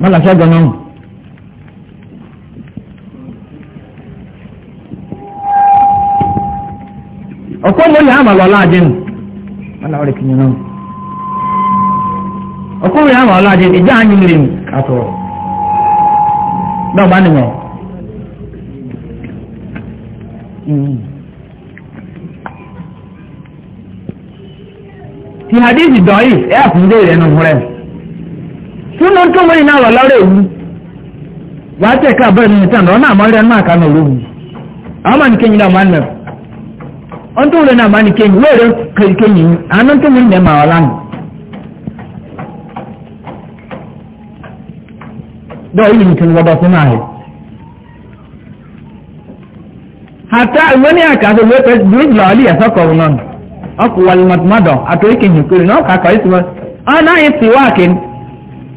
mọ́lá ṣẹ́gun náà. ọ̀pọ̀ mo lè àmà lọ́la àdé nù mọ́lá ọ̀rẹ́ kìnìún náà. ọ̀pọ̀ mo lè àmà lọ́la àdé nù ìjà ànyìn rè mí kàtọ́ náà bá nìyẹn. Hmm. ti hadithi dọ̀yì ẹ̀ àkùndé rẹ̀ nù húrẹ́ mi tún ló ń tó mọ́rin náà wà lọ́rọ̀ èyí wà á tẹ̀ka bẹ́ẹ̀ ní ìtàn ọ̀nà àmọ́rẹ́ náà kà náà lóhùn àwọn máa ní kéyìn náà máa ń nà ọ́n tó rẹ̀ náà máa ní kéyìn wéèrè kéyìn yìí àánú tó mọ́rin náà máa wà lánàá. dọ́ọ̀ yìí nìkan wọ́dọ̀ fún náà rẹ̀. hata ìwé ní àkàtà ló pẹ́ bíríjì lọ́ọ́ lè ẹ̀sọ́ kọ̀ọ̀rọ̀ náà ọkùnrin wàlúmọ̀tìmọ̀dọ̀ àtòríkè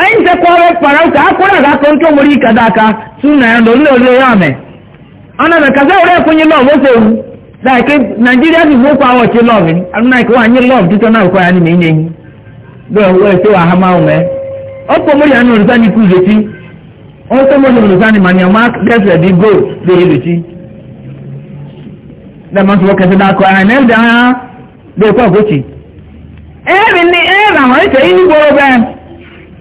onye nchekwara kpara ụka akwụrụ aga akọ nke omori ikada aka tu na ya ndo ndị ole ya ame ọnọdụ na mekazi were ekwenye lọv ose ewu like nigeria bụ okwu awọchi lọv alụnaike wanye lọv anyị na ya n'ime inye ihu wee sewa ha ma ọkpọ ya ọkpọ ma dị go dị dị mmasị nwoke sị dị ebe ebe ahụ ihe ugboro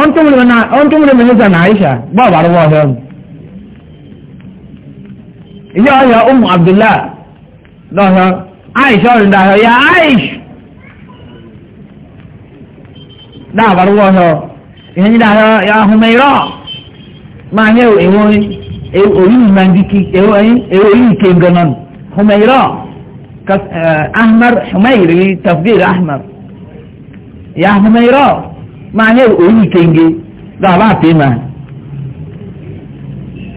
on tó múlẹ̀ náà on tó múlẹ̀ mínísítà náà aisha bọ́ọ̀ bá rúbọ̀ ọ̀hẹ́ ọ̀hún. ìyá ọ̀yà umu abdullahi lọ́sọ̀ aisha ọ̀rìn dàhọ̀ ya aish dáa bá rúbọ̀ ọ̀hẹ́ ọ̀ ìyẹn ní dàhọ̀ ya humeirọ̀ máa ń yẹ èwo oyin mandiki èwo oyin kénganan humeirọ̀ ahmar humeiri tafdil ahmar ya humeirọ̀. máa ní òyìn kenge dáàbà àti mà.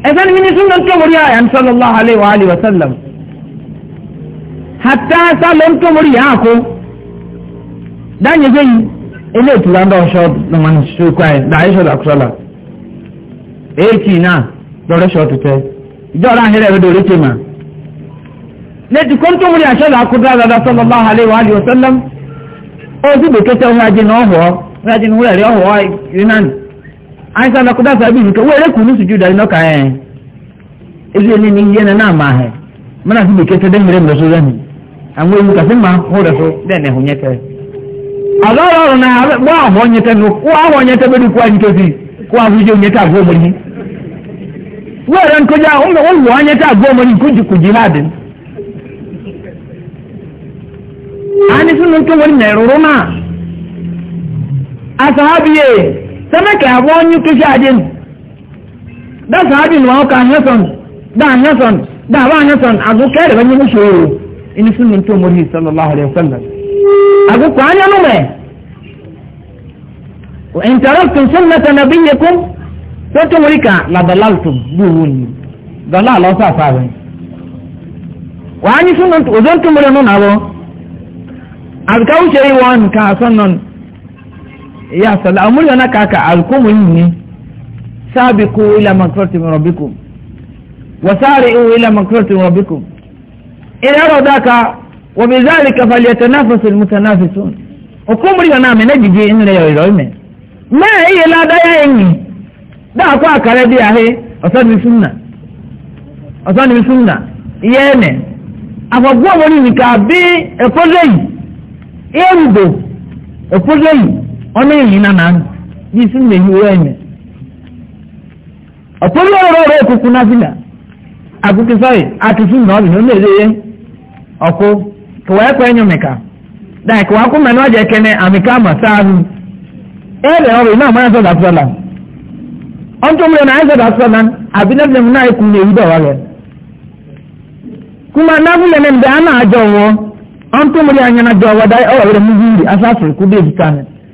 ẹ̀sán mi ní súnmọ́ tó mórí àyà ń sọ́lọ́ lọ́wọ́ alẹ́ wa alẹ́ wa sálàm. hàtà sálẹ̀ ń tó mórí yà á kó. dáàyè gbẹ̀yìn ilé ìtura ń bá ọ̀ṣọ́ lọ́mọ ní ṣíṣú kọ́ ẹ̀ dáàyè ṣọ́dọ̀ àkúṣọ́lá. èyí náà lọ́rẹ́ ṣọ́ tutẹ́ ìjọ ọ̀rọ̀ àhẹ́rẹ́ rẹ̀ dòrí tèmà. lẹ́tì kó ń tó mórí rájí ní wúrẹ̀ rí ọ̀họ̀ yunani àìsàn lọ́kọ́ dáfà bí nìkan wọ́n erékùn ní sùjú ìdarí lọ́kà ẹ̀ ebi ẹni ní iye náà máa hẹ̀ mọ́nà sí bèkẹ́ tẹ́ dẹ́mìrẹ́ mi lọ́sọ́ lẹ́nu àwọn ewu máa hó rẹ̀ fún bẹ́ẹ̀ni ẹ̀hún asahabiye sẹ́mẹ̀kẹ̀ àwọ̀ ọ́nyú kéṣẹ́ àdín dá sahabi ni wọ́n ká anyọ́sọ̀n dá anyọ́sọ̀n dá àwọn anyọ́sọ̀n àgùkẹ́ rẹ̀ bá nyẹ́mú ṣòro inú sún ní tó mọ́rí sọ́lọ́lá ọ̀rẹ́ sọ́lọ́ àgùkọ̀ anyọ́nú mẹ́ ìntàrọ́tùn sọ́nmẹ́ta nàbí yẹkún tó tó mọ́rí ká làbàlàtùn gbòòwò ni dọ́là àlọ́sà sáré wàá nyí sún ní òzó tó mọ́rí ka àwọ̀ àgùkọ̀ ya sala amuri na kaka alkumu yini sabiqu ila maghfirati min rabbikum wasari'u ila maghfirati min rabbikum ila radaka wa bidhalika falyatanafasu almutanafisun okumuri na me na jije inre yo iroime ma iye la da ya yin da ko akare bi ahe osan ni sunna osan ni sunna yene afogwo woni ni ka bi epozeyi erudo epozeyi ọnụ enyi na na n'isi na ehiwe eme ọpụrụ ọrụ ọrụ ekuku na fila akụkụ sọrị atụfu na ọbịa onye ihe ọkụ kụwa ekwe enyo mịka dai kụwa akwụ mmanụ ọja ekene amịka ma saa ahụ ere ọrụ na-amara sọda sọla ọntụ na sọda sọla abinabina na-ekwu ọwa a ajọ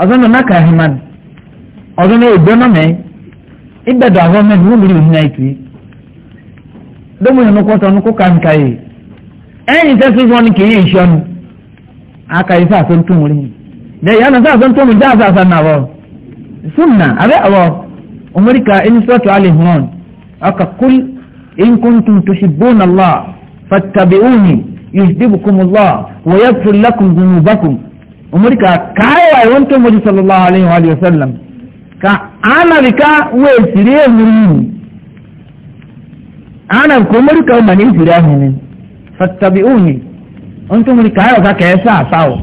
ọzọ nọ n'aka ahịman ọzọ na egbe nọ mee ịbedo ahụ ọmụ ndị mmiri ohi na-etu dọmụ ya n'ụkwụ ọtọ n'ụkwụ ka nka yi ẹyìn tẹsí wọn kì í ṣe ọnu aka ife àti ntúmùrí de yà nà sá àti ntúmùrí dá àti àti nà wọ sunna abẹ àwọ ọmọdéka ẹni sọtọ alẹ hàn ọkà kúl ẹnkùntùn tòṣìbónà lọ fàtàbí òhìn yìí dìbò kùmù lọ wọ́yẹ́ fúlẹ́kùn gùnmù bákùn umurka kawai wancan waje sallallahu alaihi wa sallam ka anarka we sire muri anar ko umurka mani e sire hinin fattabi'uni wancan umurka ya ka kai sa sawo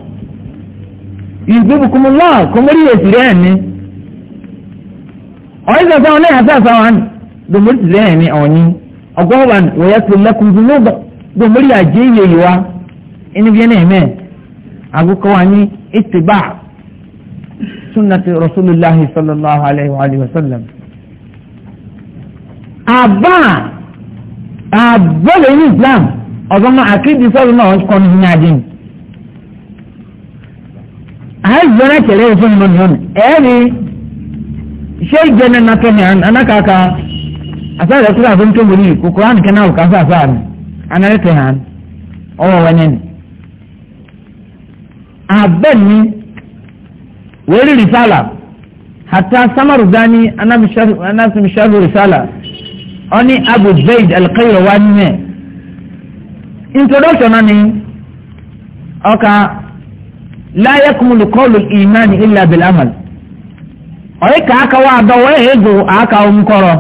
yuzibukum Allah ko muri ya e sire ne oi da sawo ne hasa sawo an do muri sire ne oni agoban wa yakul lakum dhunuba do muri ajiyewa in bi ne me àbúkọ́ wa ní ìtìbá sunnati rasulillahi sallallahu alayhi wa sallam. àbá àbọ̀lẹ̀ ní islam ọ̀dọ́mọ akéde sọ́dún náà kọ́ ní ní adé ni. àìsàn ẹ̀kẹ́lẹ́ yẹn fún mi lọ́nà ẹ̀ẹ́rì ṣé ìjẹ́nẹ́ nàkẹ́ ni anákàáka asáyẹ̀ kúrò àfẹ́ntẹ́ wòlíì kòkòrò ànìkẹ́ náà kò káfíà sáà ni hàn ọwọ́ wẹ́nyẹ́ni abẹ́ni wẹ́rí risala hata samaru zani anasimi shahu risala ọni abu zaid alkairo wa nne introduction ni ọka láyé kumulu kọlu imani illa bil amal ọyí ka aka wa adọ wọ́n yẹ ego aka omukọrọ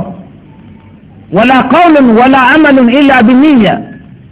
wọlá kọlun wọlá amalun illa bi niyya.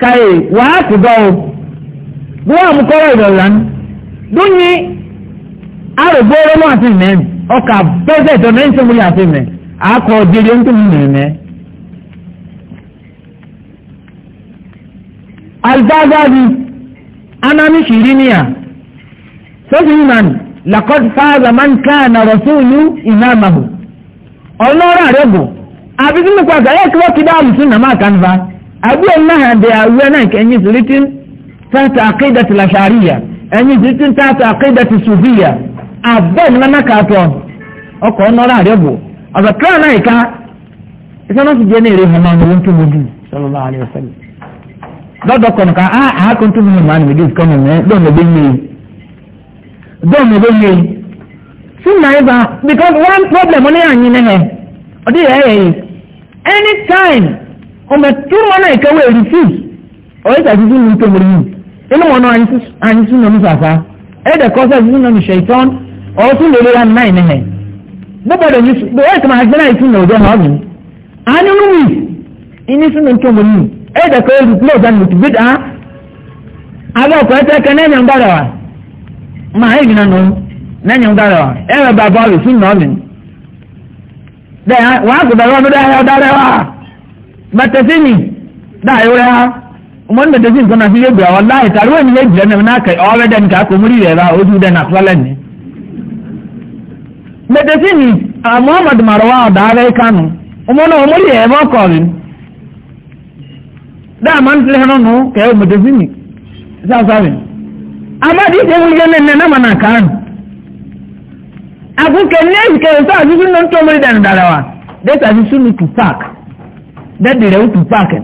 kaye wàá ti dọ́wọ́ bí wọ́n mú kọ́rọ̀ ìdọ̀lá ní dúnyí arògbó ọlọ́mọ àti mẹ́rin ọkà bẹ́sẹ̀ tó ní ìṣẹ́múlì àti mẹ́rin akọ òdìrí ń tún mẹ́rin mẹ́rin. alzazazi anami shiriniya sọ́sìmán lakọ́t fáza man káàna rọ̀súlù ìmáàmàhù ọlọ́rọ̀ àrẹ́gùn àbísí mi pàṣẹ ẹ̀ kí wọ́n ti dáàbò sí nàmá kanva. abu allaha da ya wuya nan ka enyi zuritin ta ta aqidatu lashariya enyi zuritin ta ta aqidatu sufiya abon na naka to ọkọ nọrọ àrẹ́bù ọ̀sọ̀kọ́ náà ìka iṣẹ́ náà sì jẹ́ ní èrè hàn náà ní wọ́n tó mú bí sọlọ́lá àríwá sẹ́lẹ̀ lọ́dọ̀ kọ̀nù ká á àákùn tó mú màá nìyí dé ìkànnì mẹ́ dọ́ọ̀mù ẹgbẹ́ yìí dọ́ọ̀mù ẹgbẹ́ yìí sí na ibà because one problem ní anyi náà ọdí yẹ ẹ yẹ anytime kuma tun mana refuse o yi tafi yi sunan musafa ai da kosa sunan shaitan o sun lele ran nai ne he gbogbo da yi da ojo hawin an yi ini sunan to murni ai da kawai replace dan a ala ko ta kana nan barawa ma ai gina no nan yan barawa eh baba ri sunan ne da wa gudawa da darawa metafini da yore ha umar metafini kuna fi yegbe wallahi taruwa ni yegbe lẹ́nu na kai ọrẹ dẹni ka kò múrí rẹ̀ bá ojú dẹni àtúwálẹ̀ ni metafini a muhammad marwa ọ̀dà ara kanu umar na múrí rẹ̀ bá kọ̀ọ̀rì da ma n tilẹ̀ hànú kẹ́ metafini sáfàmì amadi ṣe wúlò yẹn nẹ́ẹ̀ náà mana kanu àkùkẹ́ ní ẹ̀sìkẹ́ yẹn sọ àti sunu tó múrí dẹni dára wa dẹ́sẹ̀ àti sunu tù pààkì. That the dẹ́dì rẹ̀ ó tù páàkì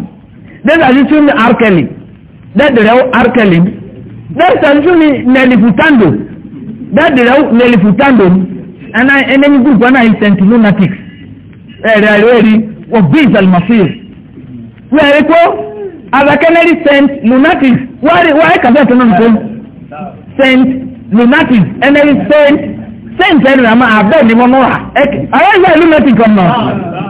dẹ́dì àdìsí ní arkeli dẹ́dì rẹ̀ ó arkeli dẹ́dì àdìsí ní nelifutando And rẹ̀ ó nelifutando ẹ̀nà ẹ̀nẹ́ni gúrùpù ẹ̀nà ìsẹ̀ntì lunatics ẹ̀rẹ̀ àìrẹ́rí wọ́n bí ìsàlùmọ̀fíìr As kó azakanẹ́rí saint lunatics why ẹ̀ka bẹ́ẹ̀ tó náà tó saint lunatics ẹ̀nẹ́rí saint saint ẹ̀rẹ̀ àmọ́ àbẹ́ẹ̀ ni wọ́n mọ́ wa ẹ̀kẹ́ àrẹ́ ìyá lunatic ọ̀nà.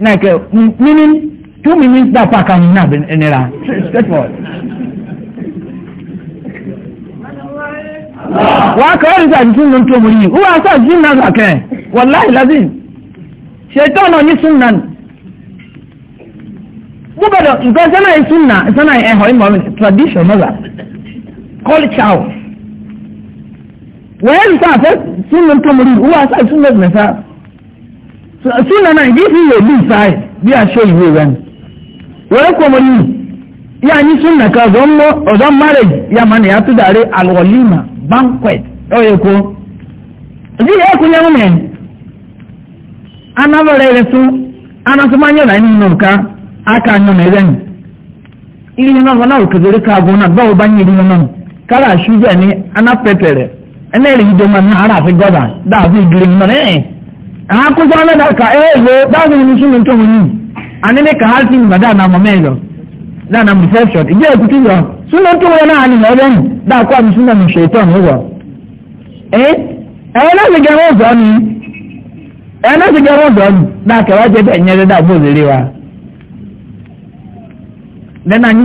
like uh, meaning two minutes that park and nab in in era straightforward. wà á kọ́ ẹ́rì sáà tún ló ń tó mu yìí wúwo àṣà jim náà sàkẹ́ wàláì lazim ṣètò ọ̀nà ní sunna nù. gbọ́dọ̀ nǹkan sẹ́nà yìí sunna sẹ́nà yìí ẹ̀họ́ ìmọ̀ mi tradition mọ́ra culture wẹ́ẹ́rì sáà tún ló ń tó mu yìí wúwo àṣà tún ló soon náà ìdí fi you bí ìsáì bí be ìwé rẹ̀ wẹ́rẹ́ kọ́ mo yìí yá ní sunna kan ọ̀dọ́ mọ́ ọ̀dọ́ marriage yá máa nìyà tó dàrí banquet ọ̀yẹ̀ kó ìdí yẹ kó yẹ wọ́n anábọ̀rẹ̀ rẹ̀ tún anásọ́mányọ̀ náà nǹka aka nyọ̀nà rẹ̀ ni ìyẹn náà na náà ò kékeré náà báwo bá ìdí náà kára ní náà akwụkwọ ọlọda eh, ka ezo báwo ni sunu tó wọn yìí àní ka hàlfin gbàdá na mọ̀mọ́ ẹ̀ lọ na reception ìjẹ́ èkútú yọ sunu tó wọn náà ni lọ́wọ́ yìí dáa kó àmì sunu àmì ni ẹ̀ náà ni dáa kẹwàá jẹ́ bẹ́ẹ̀ chairman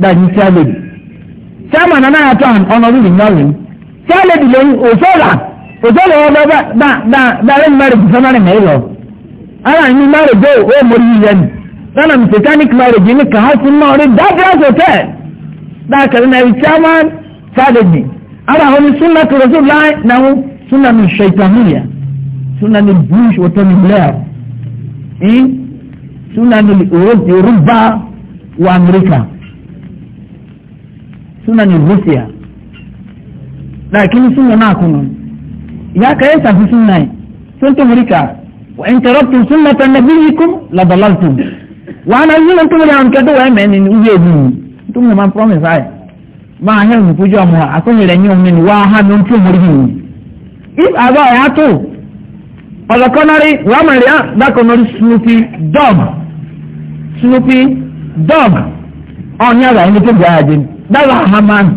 chairman chairman òjòlè wọn bá bá bá bá rẹ́ni marriage fẹ́mọ́rì mẹ́rọ ara ní marriage ó ó mọ yíyẹ ni lọ́nà mechanic marriage ní kàásì náà rí dábìlás hotel dákẹ́rẹ́ náà rí chairman strategy ara àwọn sunna tó rẹ̀ sùn láì náà sunna ní ṣètàmìyà sunna ní bush wọ́tọ́ ní blair sunna ní yorùbá wa amẹ́ríkà sunna ní russia láì kí ni sunna náà kùnú ya ka yi tafi sunna yi sun ta murika wa in tarabtum sunnatan nabiyikum la dalaltum wa ana yilan to ya anka do wa ni uje bi tum na man promise ai eh. ma ha ni pujo mo a ko ni re nyom ni wa ha no tu murhi if aba ya to ola konari wa ma ria ah, da konari snoopy dog snoopy dog on ya ga ni to ajin da ha man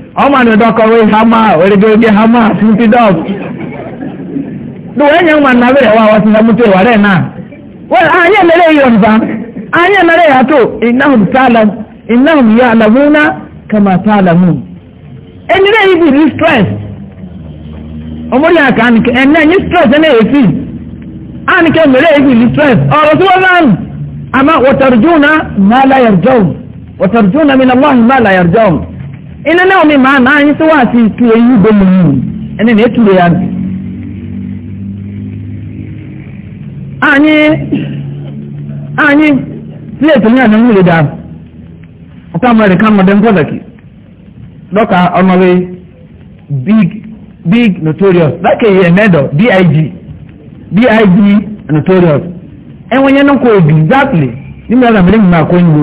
ọmọ ni dọkọwé hama orígógé hama fifty dog do wẹ́n yẹn wọn nàbẹ̀rẹ̀ wá wọ́n ti sàmútò ìwà rẹ̀ náà wọ́n na mẹ́rẹ̀ yìí ọ̀nfà ayé mẹ́rẹ̀ yàtọ̀ ìnáhùn tààlà ìnáhùn yà àlàmúnà kàmà tààlà mú. ẹni rẹ̀ yìí bìrì stress ọmọdé àká nìkẹ́ ẹ̀ náà ní stress ẹ̀ náà èsì ànìkẹ́ mẹ́rẹ̀ yìí bìrì stress ọ̀rọ̀ tí wọ́n náà àmà wọ́tàrjúnà má láyàrjọ́n wọ́tàrjúnà mi Ị na mi máa náà anyị tó wà sí ìtúre yín gbòmù ya nù. Anyị anyị sílẹ̀tì ní anyị múlẹ̀ dáa ọ̀tá mọ̀rẹ̀ ká mọ̀dẹ́ mpọ́sàkì dọ́kà big big notorious dákẹ́ ihe medọ big big notorious ẹ̀wọ̀n nnukwu náà exactly nígbà tí a mẹ́rin mi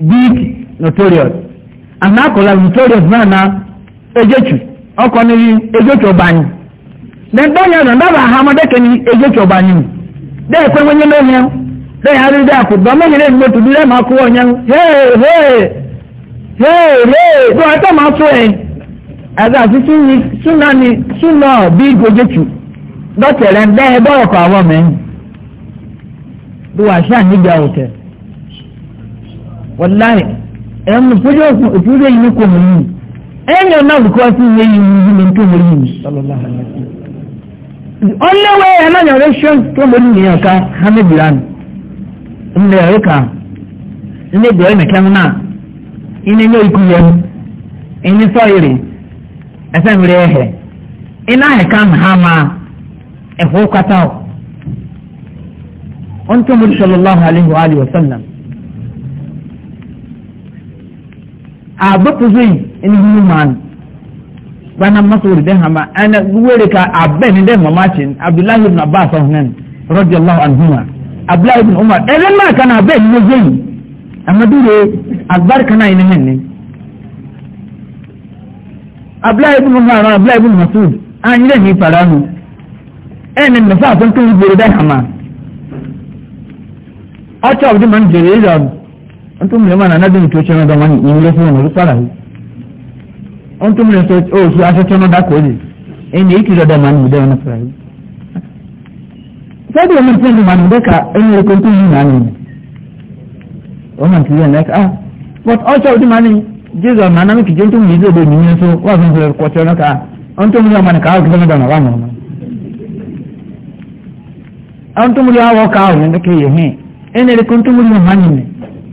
big notorious. anakola victoria na ejechu ọkọ niri ejechu ọbanyi dẹgbẹ yẹn nọ ndaba ahamadeke ni ejechu ọbanyi dẹ ekwe wenye n'onye dẹ yari dẹ akụ dọ menye dẹ ndụ tudu dẹ ma kụ onye hee hee hee hee dọ ọtọ ma sụ ẹ ẹgbẹ asi sunni sunani sunna bi gojechu dọtẹrẹ ndẹ ẹbẹ ọkọ awọ mẹyin bí wàá ṣe àníbi àwòtẹ wọláyé. ẹ̀rọ ìfúnjẹ́ òkun ìfúnjẹ́ yìí kò mọ̀ yìí ẹ̀yìn ọ̀nà àbùkọ́ sí ilé yìí ní ilé tó mọ̀ yìí. ọlẹ́wẹ̀ ẹ̀nàyàrá ṣọ́n tó mọ̀ yìí nìyẹn ká hamidulan ilé ẹ̀rọ ká ilé ìgbẹ́ ọ̀nà kẹ́mi náà ilé ní ikú yẹn ilé sọ́yìrì ẹsẹ̀ mìíràn ẹ̀hẹ̀ iná ẹ̀ka mahama ẹ̀fọ́ kátà ọ̀ agbókùsùn ẹni hùwù màá nù bana masoro dɛ hama ɛnɛ wele ka a bɛɛ ni dɛ mama cɛ abdulahi ibn abbas ɔhunɛn rɔdiyallahu anhuma abdulahi ibn umar ɛnɛ maa kana a bɛɛ ni wɛzɛyi amadu de agbari kana yi ni hɛn ni abdulahi ibn umar abdulahi ibn masud an ni fara nu ɛnɛ nafa a fɛn tó ń gbèrè dɛ hama ɔtɔ ɔbɛdi man jɛrɛ yi ntun mìíràn náà nádùn tó tsẹ́nu dán wọn ní ilé fún wọn olùkọ́ àlàyé ntun mìíràn sọ oh, ọ sọ asẹ́tsẹ́nu dákọ̀ ọ́lẹ̀ ẹni èyí kìlọ̀ dán wọn nìdẹ́ wọn fúra yìí. sẹ́dí omi tí ń dùn wọn nìdẹ́ ká ẹni rẹ̀ kó ntun yìí nàá nìyẹn wọ́n mọ̀ nítorí ẹ̀ ah but ọ̀ṣọ́ òdi màá ní jésù ọ̀nà àná mi ntun mìíràn wọn kàá òkè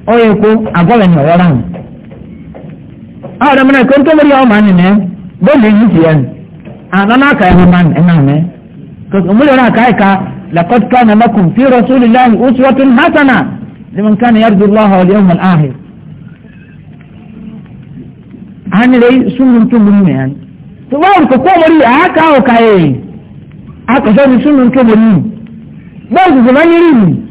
oye ko agbọ́lẹ̀ ní ọ̀wọ́ ráhùn. àwọn ọ̀dọ́ mìíràn kò tó lórí ọmọ àná nìyẹn bóòlù yìí ti yẹn àná náà kà ẹ̀rọ máa ẹ̀ náà mẹ́. òmùlẹ̀ náà kà ẹ̀ka lakọ́tù ká nà mẹ́kùn fi rasúlì láàyè oṣù wọ́tún hasana lẹ́mọ̀n ká nìyẹn arúgbó lọ́hà ọ̀lẹ́ ọmọ ààhẹ́. à ń lè súnmùn túnmùn nìyẹn. tó bá wù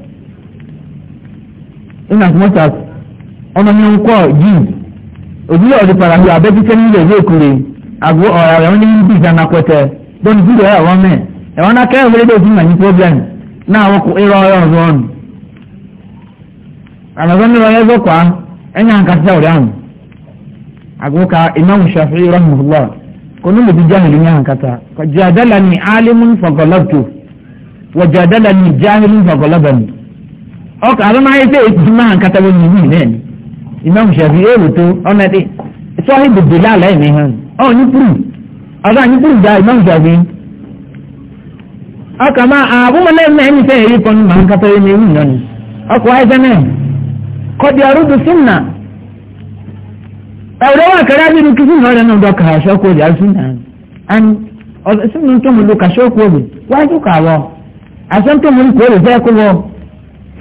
in as much as ọmọ mi ń kọ́ jeans òbílẹ̀ ọ̀dẹ parahu abẹ́jíkẹ́ nílẹ̀ ìwé òkúre àgbo ọ̀rọ̀ àwọn ní bíi ìdáná pẹ́tẹ́ bọ́ọ̀lù bíi ìrọ̀ àwọn mẹ́ ẹ̀wọ̀n náà kẹ́hìn wọlé dòfin mà ní problem náà wọ́n kó irọ́ ọ̀rọ̀ ọ̀rọ̀ ọ̀nù. àmọ̀sán ní ọ̀rọ̀ ẹ̀zọ́ kwa ẹ̀yà ń kásá ọ̀rẹ́ àmù àgbo ka imam shafi rahmatulah kò ní lè fi jáhìlì ní àǹkátá jàdálà ni alimun fagalabtu wà jàdálà ni jáhìlì fagalabani. ọkà àdúmáyé pé èkìtì máa ń kátàwé ní ìlú náà ni ìmọ̀ òṣèlú èrò tó ọ̀nà ẹ̀dẹ́ sọ́ọ́ ìbòdè láàlẹ́ mi hàn ọ̀ ní púrù ọ̀dọ́ àní púrù dá ìmọ̀ òṣèlú ọkà máa àbúmọ̀ na náà ẹni sẹ́yìn èyíkọ́ ní máa ń kátàwé ní ìlú náà ni ọkọ̀ àìsàn náà kọ́dí arúgbó súnà ọ̀rọ̀ wà kẹ́rẹ́ abínú kí súnà ọ̀rẹ́ náà dọ́kà àṣọ́kù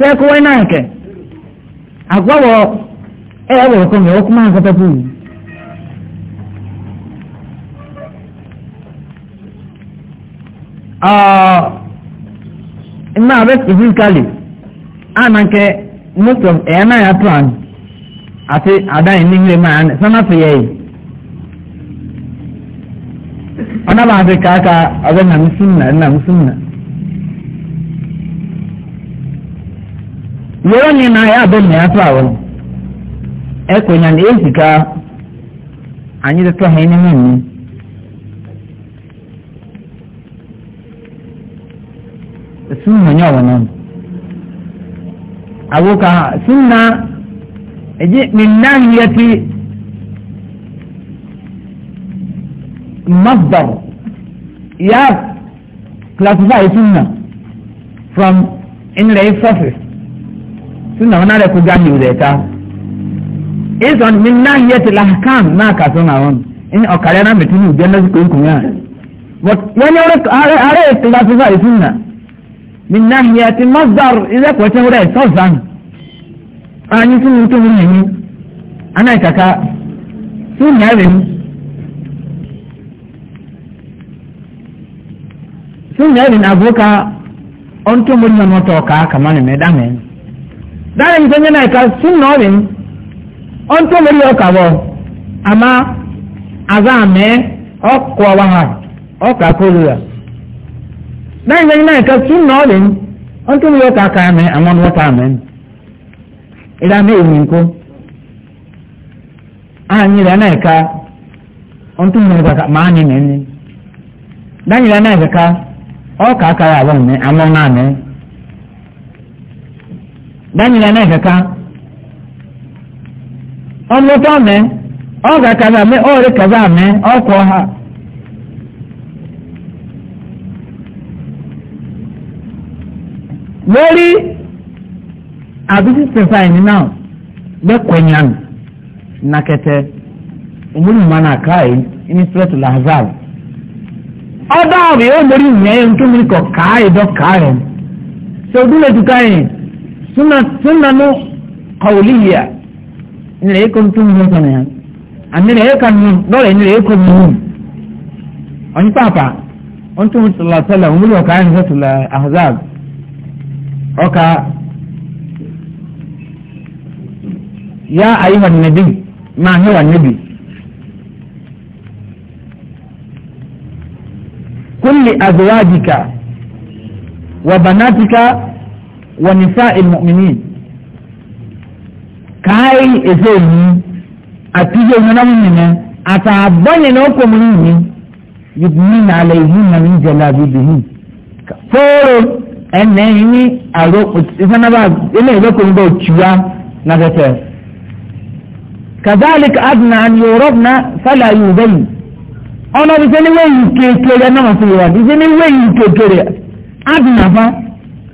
sai kuma ina yake agwawo eh abu ko me kuma ka tafi ah ina nkali a na nke most of eh plan ati adan ni hire ma ana sana fe yayi ana ba ka ka abin na musulma na yọrọ ni na ya abẹ ni afa awọ ẹ kọ nya na ezika e anyị dị tọọ ha ịnị mụ nni sun hanyar ọwọ nọ awoka sun na eji e yati masdar ya classify sunna from in lay surface suna wani da ku gani da ita izon min nan yati lahkam na ka suna won in o kare na mutum da na ku ku ya wat yani are are ta su sai sunna min nan yati masdar idza ku ta hura sazan ani sun mutum ne ana kaka sunna ne sun yari na boka on to mun na moto ka kamar me da dáná yìí sẹ́yìn náà ẹ̀ka súnà ọ̀rìn ọ̀n tó lórí ọkà bọ̀ àmà àzá àmẹ́ ọkọ̀ wa hà ọkà kórè rà dáná yìí sẹ́yìn náà ẹ̀ka súnà ọ̀rìn ọ̀n tó lórí ọkà kà na àwọn ọ̀tá àmẹ́ ìlànà èyí nìkó àyìn ìlànà ẹ̀ka danyere na kaka ọmụta mee ọ ga-akaza mee ọ rekaza mee ha lórí àbísí sèfáìní náà lẹ́kọ̀ọ́nyán nàkẹ́tẹ́ òmùnìmọ́ náà káyé ní sẹ́tù làzàl ọdọ́ àbí ó lórí ìyẹn tó mi kọ̀ káyé dọ́ káyé sunanu qawliya nire ekom tun mun sana yan anire ekan mun dole nire ekom mun on papa on tun sallallahu alaihi wasallam mun ka yan zatul ahzab oka ya ayyuha nabi ma huwa nabi kulli azwajika wa banatika ونساء المؤمنين كاي إزيني أتيجي من أمنا أتعبني نوكم مني يبنين عليهن من جلابيبهن فورو ẹnẹ ní àrò ìfẹ́nàbà ilé ìlọ́kùnrin bá òtúwa nàfẹ́fẹ́. kàdáàlì adùnà ni òrọ́bùnà fẹ́lẹ̀ ayé òbẹ́yì ọ̀nà ìfẹ́ ní wẹ́yìn kékeré náà fi wà ìfẹ́ ní wẹ́yìn kékeré adùnà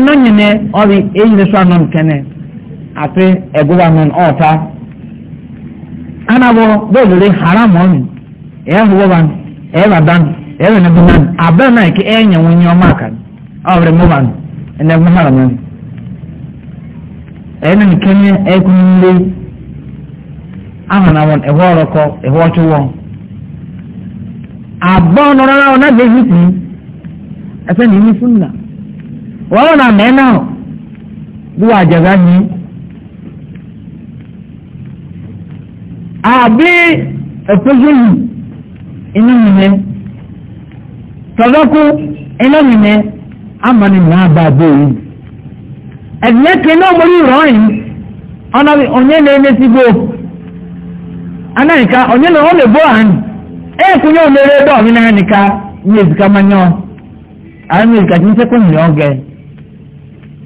nnọnyene ọrị bụ n'esu anọ nkene nọ n'ọta anabọ bọọlụrị na ike enye nwunye ọma aka ọrị mụban enegbu haram ọnụ nkene ekwuru nle ahụ na wọn ọrụkọ ehụ ọchụwọ abụọ nọrọ na ọ na-adịghị na wọ́n rà mẹ́nà bí wà jẹ̀gá ni. àbí ẹ̀fọ́sọ́lù inú mi nẹ inú mi amani nà bá bó yìí. ẹ̀dínlẹ́kẹ̀ náà mo ní ọ̀nà ònyẹ́ lè ní síbò anáyìíká ònyẹ́ lè wọ́n lè bó àná ẹ̀kú yóò lè rẹ́ dọ̀ọ̀mí náà nìka ní èzìká máa yàn èzìká ń sẹ́kọ̀ọ́ nìyọ́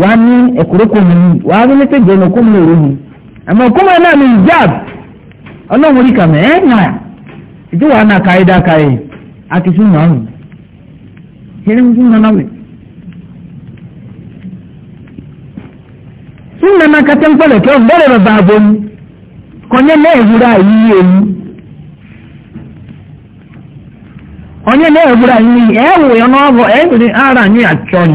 wa ní ẹ̀kúrẹ́kọ̀ mi ni wàá ní lẹ́tẹ̀ jẹ́ ọ̀nà kọ́mọ òru mi àmọ́ kọ́mọ náà mi jab ọlọ́run orí kàmẹ́ ẹ̀ nà ìdí wàá nà káyé dá káyé akísùn náà nù yẹn ní sún nana wẹ̀. sún nana kàtẹ́ nkpọ́lẹ̀ kẹ́ ọ̀gbọ́lẹ̀ bàbá kọ́nyẹ́ náà ọ̀nyẹ́ náà ẹ̀ náà ẹ̀ ń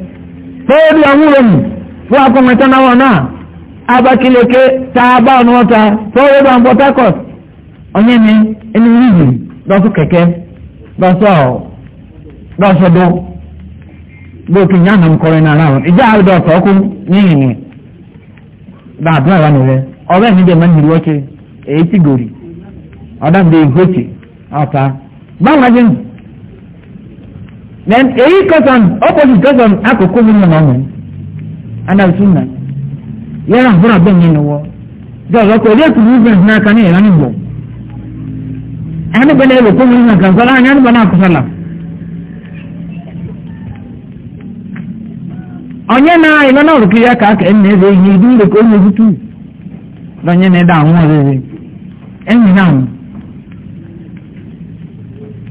tẹ́ẹ̀rí àwúrẹ̀ mù fún akọ̀mẹ̀tẹ́ náwọn náà abakileke tààbà ọ̀nàwọ́ta fọ́wọ́ bá ń ọ̀nyẹ́ mi ẹni ríjì lọ́sọ kẹ̀kẹ́ lọ́sọ dó lókè ní àná nkọrin náà ráwọn ìjà àrùdọ̀ ọ̀tọ̀ọ̀kú níyìn ni àwọn ọ̀rẹ́ mi dẹ̀ wọ́ọ̀kẹ́ èyí ti gòrì then èyí kọsàn opposite kọsàn akókò mi ọmọ anasunna yẹra àbúrò abẹ́ mi nìwọ jọ̀wọ́ kò lè kú movement náà kan ní ìlànà ìbò ẹni bẹ́ẹ̀ lè kó mi nà kan sọ́lá ẹni bẹ́ẹ̀ náà sọ́lá. onye na ìlànà òrùkí yá ká kẹ́ ẹni ẹ̀rọ ìyẹn ìdúró kó mi tutù lọ́nyẹ́ ẹ̀dá àwọn ọ̀rẹ́rẹ́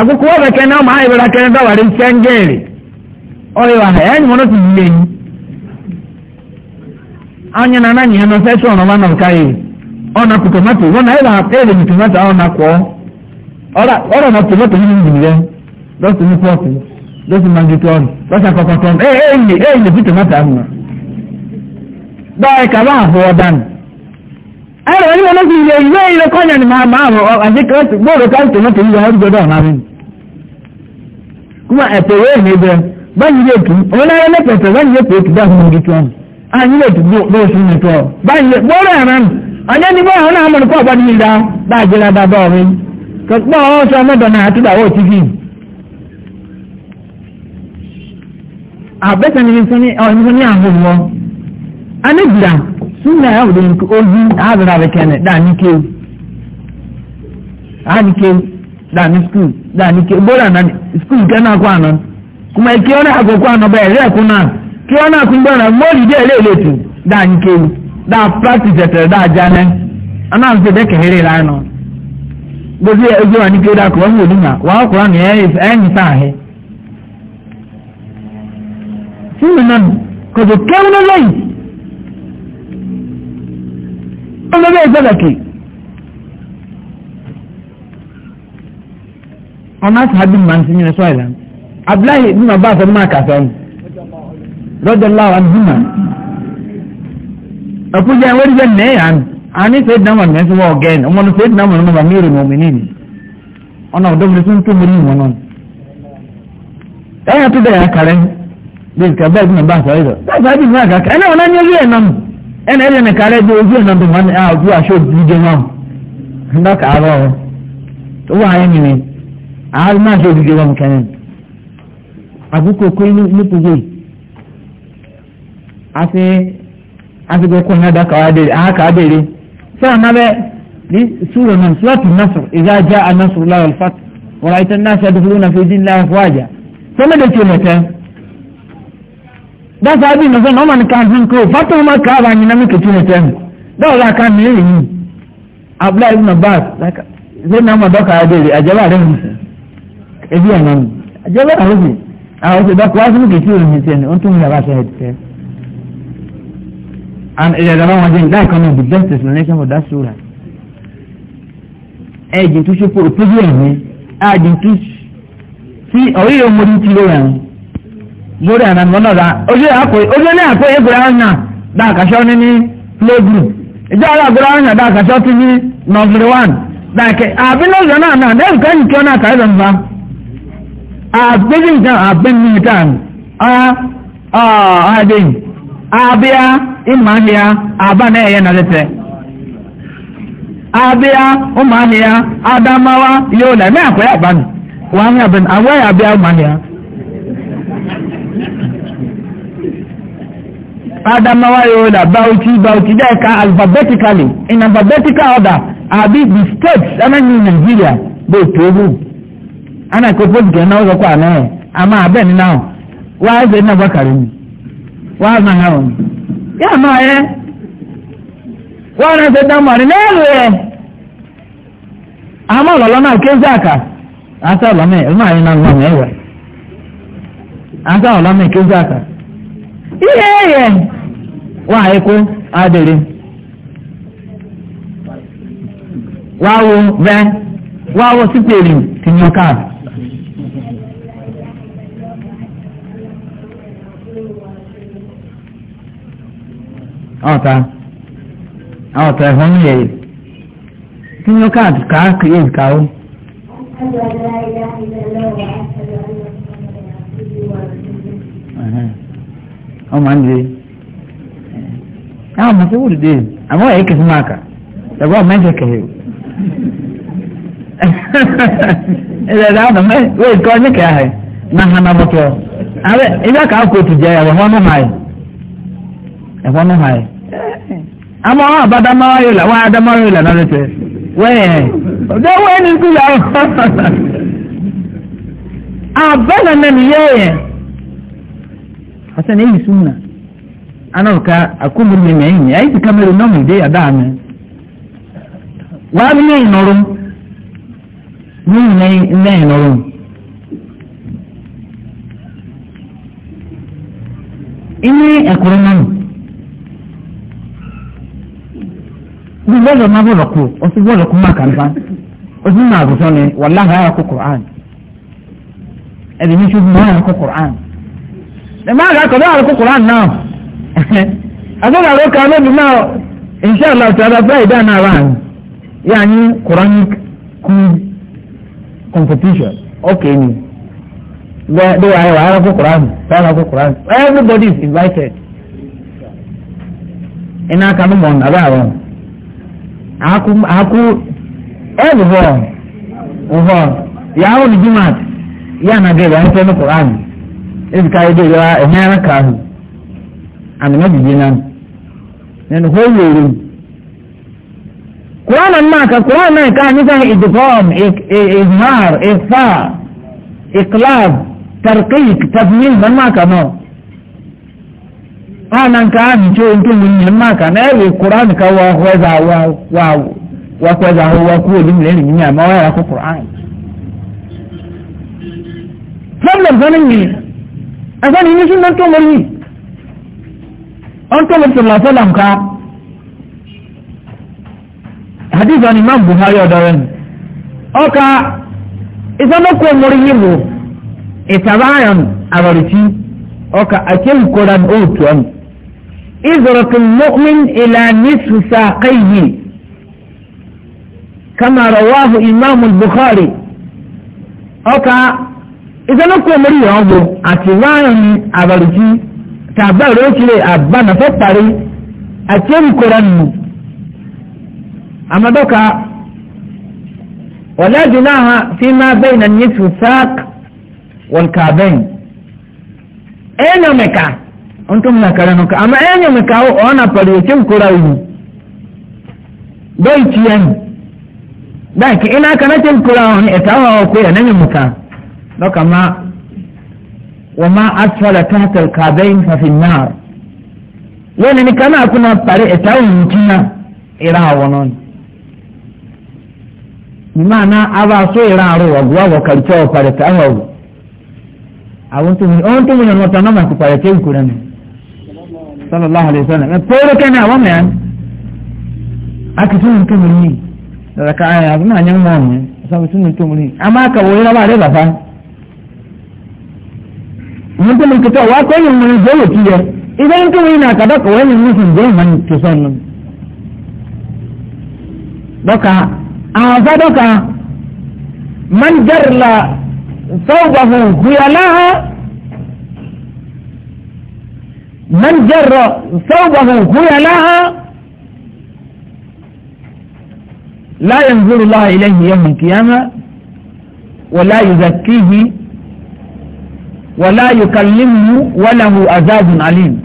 akoko wa bɛkɛ na maa ibira kɛnɛ dɔ wari kyɛngɛɛri ɔyɛ wa ɛyɛ nyɛ wɔn ti yie yi anya na nanyɛ no sɛ sɛ ɔnɔba na ɔka yi ɔna ko tomato wɔn ayɛ na ɛyɛ ni tomato a ɔna kɔɔ ɔra ɔra na tomato yi nyini yɛ lɔsi ni pɔtu lɔsi mangi tɔn lɔsi akɔkɔ tɔn ɛyɛ ɛyɛ ni ɛyɛ ni fi tomato ahoma dɔɔ ɛka baa hɔ dan. ẹ̀rọ ní wọn fi ilé ìwé ilé kọ́nyà ni máa máa mọ̀ àti kẹ́ẹ̀tì gbòòrò káńtì náà tèmi lọ́wọ́ gbọdọ̀ náà mi. kúmà ẹ̀tẹ̀ wẹ́ẹ̀ ní bẹ́ẹ̀ báyìí lè tù wọn náà yẹn pẹ̀tẹ̀ na lè pẹ̀tẹ̀ bá fún mi tán àyìn lè tù bóò fún mi tán báyìí lè ni mi sunna ya wụdị nke ozi azụrụ abekene daanị kewu daanị kewu daanị skuul daanị kewu gbọdọ na skuul nke na-akụ anọ kuma ike ọ na-akụkụ anọ bụ ere ekwu na ke ọ na akwụ mgbọrọ na mgbe dị ere eletu daanị kewu daa praktis etere daa jane anaghị ede kehere ire anọ gbozi ezi wa nike daa kụwa nwere na wa akwụra na ya enyi saa ahị sunna nọ kọjọ kewu na lẹyìn lórí ìgbẹ́lẹ̀kì ọmọ sábì máa ń sinmi ẹ̀ṣọ́ ìlànà abdullahi bí màá bá aṣọ máa kà sọ́yìn lọ́jọ́ láwa ní bímọ ọkùnrin ẹ̀wọ́n ìjẹ́ nẹ́ẹ̀yà ni àní ṣe dàmà ní ẹ̀ṣọ́ wọ́ọ̀ gẹ́ẹ̀n ọmọ ní ṣe dàmà ní ọmọ mi rè mọ́ mi nìyí ọ̀nà ọ̀dọ́ mi tún tún mi ní ìwọ̀n náà ẹ̀yà tó bẹ̀rẹ̀ kàrẹ́ bí ìkàbẹ́ bí màá bá aṣọ ẹnna ẹdẹ ní kárẹ́ bí ojú ẹ̀nà tó wọn a ojú aṣọ òdìdí wọn ndọ́kà àárọ̀ ọ̀ tó wà ayé náà aṣọ wọn àbúkọ inú àti àti ní ní ìdá àjà dáfà bí nọ̀fẹ́ náà máa ní káàkiri kó fátó máa ká àbá yín náà mi kìtì ní sẹ́nu dọ́ọ̀lá ká ní èrè yìí abúlé ibùnà báàs ṣé náà máa dọ́kà àdèrè àjẹbá rẹ̀ ń sẹ́ ebi àná mi àjẹbá rẹ̀ sì àwọn ṣe dọ́kà wá sí mi kìtì ní sẹ́nu ó tún mi yàrá ṣe ẹ̀ and ìrẹ̀lẹ̀ náà wọ́n jẹ́ that come in the best explanation for that story ẹ̀jẹ̀ tó ṣe kó òpójú ẹ̀mí àjẹ̀ tó sí ọ̀rí ìrọ̀mọ́dé ti lóra ẹ̀mí. lórí ànàmọ́nà ra ojú a àpò ìgbèrè ọ̀nà dáàkàṣọ́ ní ní playgroup ìjọ alágbèrè ọ̀nà dáàkàṣọ́ ti ní nọ́ọ̀sì one dáàkẹ́ àbínọ́sọ̀ náà náà lẹ́yìn kan nìkan náà kàrí lọ́nà bá àgbéjì nǹkan àbẹ́ni nìkan ọ̀hádé àbíá ìmàhíá àbánẹ́ẹ̀yẹ náà lẹ́tẹ̀ àbíá ìmàhíá adamawa yóò lẹ́ mẹ́ àkọ́yà àbánu wọ́n na ní ya àwọ̀ Adamawa Yola, Bauchi, Bauchi, they ka alphabetically, in alphabetical order, abi the states, I mean Nigeria, they Tobu. And I could put Ghana over Kwane, I'm a Ben now. Why is it never carrying? Why am I now? Yeah, my eh? Why na it not my name? I'm all alone now, Kizaka. I saw Lame, I'm na in a long way. I saw Lame, Kizaka. Yeah, yeah. nwaanyịkwu adịrị wawo ve wawo sitere tinye kaadị ọta ọta ẹ̀họ́ ní ẹ̀yẹ tinye ka a kiri ọmọ awa mashahuri dai amma ya yake suna ka da ba mai shaka yau ila da wani mai wai kawai ne ka hai na hana mutuwa abe ka ko tu jaya wa hono hai e hono hai amma wa bada ma wa yola wa da ma yola na rete wai da wai ni ku ya abana nan yeye hasan anamka akumuru na mɛyin ya ti kamero nɔmi de yada mi waa mi mɛyin nɔrɔm mi mɛyin mɛyin nɔrɔm ini ɛkuru nɔmi bi bɔlɔ ma bɔlɔ ko ɔsi bɔlɔ ko ma kan fan ɔsi ni walahi aya ko kur'an ɛdi e mi su ma aya ko kur'an ɛmɛ e aga kɔdɔ aya ko kur'an naa. agbọ́dọ̀ àròkà lóbi náà inshallah tààdà friday dáná ara rẹ̀ ya ní quranic quiz competition okay ni bẹ́ẹ̀ wà á quran everybody is invited iná kanú mọ̀ nàbẹ́ àwọn akụ akụ ẹ̀bù bọ̀ ọ̀bọ̀ yàrá òní jùmọ̀ yà nàgẹ̀ quran ebi ká yẹ dé anama didi nan nan ho yori Qur'an ma ka Qur'an ma ka ni san idfam izhar ifa iqlab tarqiq tafmil man ma ka no anan ka ni jo ntu mun ma ka na e Qur'an ka wa hweza wa wa wa hweza wa ku ni le ni ma wa ka Qur'an problem zanin ni azan ni sun nan to mari an tọ́lọ̀ tó lọ́sọ̀ làm ká hadith an imam buhari ọ̀dọ́rẹ́ ni ọkà ìsọmọkọ mọrí yìí wò ìtàbáyàn àròrìtì ọkà àkẹ́lù kọ́ra ní òòtù ọ̀nù ìzọ̀rọ̀tún mọ́kùnrin ìlànà ìsùsà kẹ́yì kama rawahu imam buhari ọkà ìsọmọkọ mọrí yìí ọ̀gbọ̀ àtìwáyàn àròrìtì tàbá rẹ̀ ó ti lè àbánà fẹ́ parí àtẹ́rù kọ́ra nù. àmọ́dọ́ka ọ̀lẹ́dùn náà fi máa bẹ́ẹ̀ nà ní sùsáàk wọn kà bẹ́ẹ̀. ẹ̀yọ́ mẹ́ka wọ́n tún nà kàrẹ́ nùkà àmọ́ ẹ̀yọ́ mẹ́ka ọ̀nà pàdé àtẹ́rù kọ́ra wù. bẹ́ẹ̀ tiẹ̀ nù. báyìí kí iná kan àtẹ́rù kọ́ra wọn ẹ̀ta wà ọ̀kọ́ ẹ̀ وما أسفل تحت الكعبين ففي النار لأن يعني كما كنا طريق تاون ممكن إراوانون بمعنى أبا سو إراارو وقوا وكالتوا فارتاهو أونتم أونتم من من المتنمى كفارتين كلنا صلى الله عليه وسلم فورو كان أواميان أكتون كمرين لذلك أنا أبنى أن يموني أصابتون كمرين أما كبيرا بعد ذلك mutum kita wa ko yin mun je yake ya idan ka wai na kada ko wani mutum je man ki sannan doka a za doka man jarla thawbahu khuyalaha من جر ثوبه خيلاء لا ينظر الله إليه يوم القيامة ولا يزكيه wala yukallimu walahu azabun alim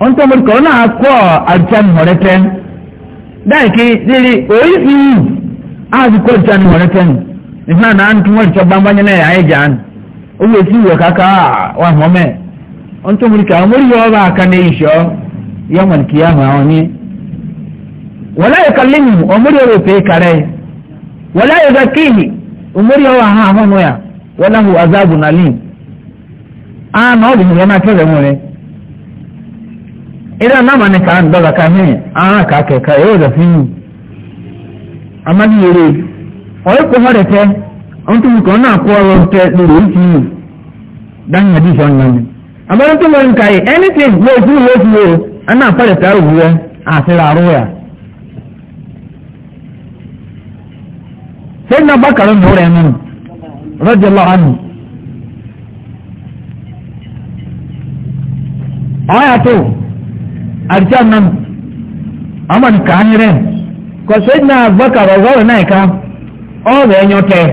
on to mor corona ko arjan horeten dai ki dili oyi fi az ko jan horeten ifna na an tumor to bambanya na ya jan o ye ti wo kaka wa mome on to mor ka mor yo ba kan isho yaman kiyama oni wala yukallimu umur yo pe kare wala yuzakihi umur yo ha ha moya wọ́láhù azáàbù nàlín àánà ọ̀dùn ìwé náà kẹrẹ̀ mú rẹ̀ ìdá na ní ká ń dọ́gba ká ní àárà ká kẹ̀kẹ́ fi yìn amáyére ọ̀rẹ́ kò họ́ dẹ̀tẹ́ ọ̀ntún kan náà kó ọrọ̀ tẹ lórí èyí ti yìn dáhùn àdí ìṣọ́ tó nkà yìí anything fún o a àti رضي الله عنه آياته أرجان من أمن كانيرين kò sẹ́dínà àgbàkà ọ̀gọ́rùn náà ká ọ̀rọ̀ ẹ̀yàn tẹ̀.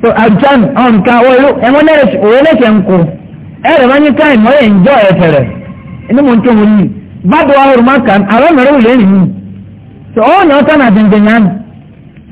so abdulhan ọ̀nka ẹ̀wọ̀n òwe lẹ́sẹ̀ ń kó ẹ̀rẹ̀ wọ́n ní káyìn mọ́ ẹ̀ ń jọ ẹ̀fẹ̀rẹ̀ inú mo ń tó wọn yìí bá dùn ọ̀rọ̀ máa kàn àwọn mẹ́rin wò lẹ́yìn mi. so ọ̀nà ọ̀tá nà dìndìnyàn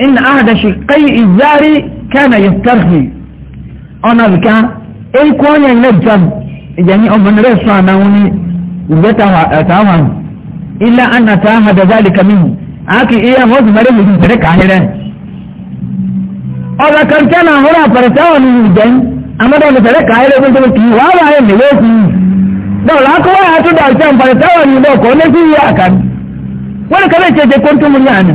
إن أحد شقي إزاري كان يسترخي أنا بكا أي كون ينجم يعني أمن رسا نوني وزتها أتاوان إلا أن تاهد ذلك منه aki iya wasu mare mutum tare kahira ọba kankana hura farta wani yujen a madalla tare kahira kun taba ki wa ba yin da ku da wala ko ya to da can farta wani ba ko ne ki ya kan wani kare ce je kun tumun yana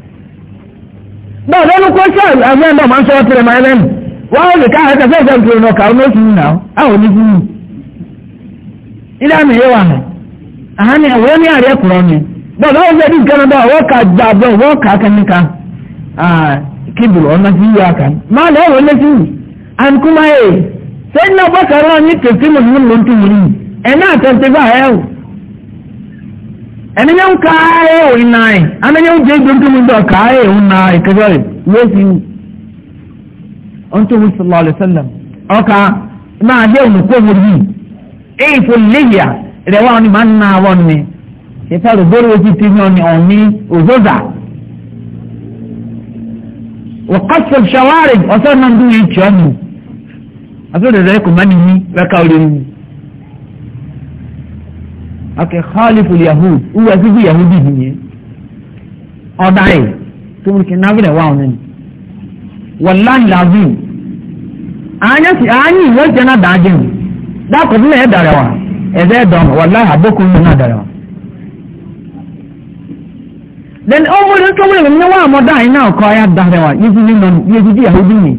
náà lẹ́nu kọ́ṣẹ́ àgbẹ̀ náà máa ń sọ ọ́tẹ̀rẹ̀ máa lẹ́nu wọ́n á lè ká ẹ̀ka fẹ́ fẹ́ fẹ́ ọkà olóṣù nà ó àwọn oníṣù ilé àmì yé wà mí na ẹ̀wọ́ ní àárẹ̀ kùrọ̀ mi bọ́ọ̀ lọ́wọ́ fẹ́ dín kẹ́nu báà wọ́ọ̀kà gbà bọ́ wọ́ọ̀kà kẹ́míkà kíbùrù ọ̀nà sí yíyá kan máa ẹni yẹn ń ka ayé òun náà ẹni yẹn ń jẹ́ ìgbẹ́ntòmù ń dọ̀ ka ayé òun náà ìkẹjọ́ rẹ̀ wéèsì ọ̀ntòmù sọlọ alẹ́sẹ̀lẹ̀m ọ̀ka máa jẹ́ òmùkú òmù yìí èyí fò léyà rẹ̀ wá ni màá nà wọ́n ni ìfẹ́rù bórí ojú ti ní ọ̀nì òzòzà wọ́kọ́sọ̀ ṣàwárì ọ̀sẹ̀ náà ń dún yìí tì ọ́nù àfẹ́rù rẹ̀ kò má nìyí rẹ́ka olórí ake khalifu yahud uwe sifu yahudi hinye ọdai tó mú kí nábìrẹ wà ọ nínú wàláhì làbíù àányàsì àányì ìwọ jẹ náà dáa jẹun dákò fún ẹ dàrẹ wa ẹdẹ ẹ dọrọ wàláhì àbókù ní náà dàrẹ wa. then ó múlò ń tọ́wọ́lẹ̀ mi níwọ̀n àmọ́dá yìí náà kọ́ ya dàrẹ wa yéjú nínú yéjú bí yahudi ni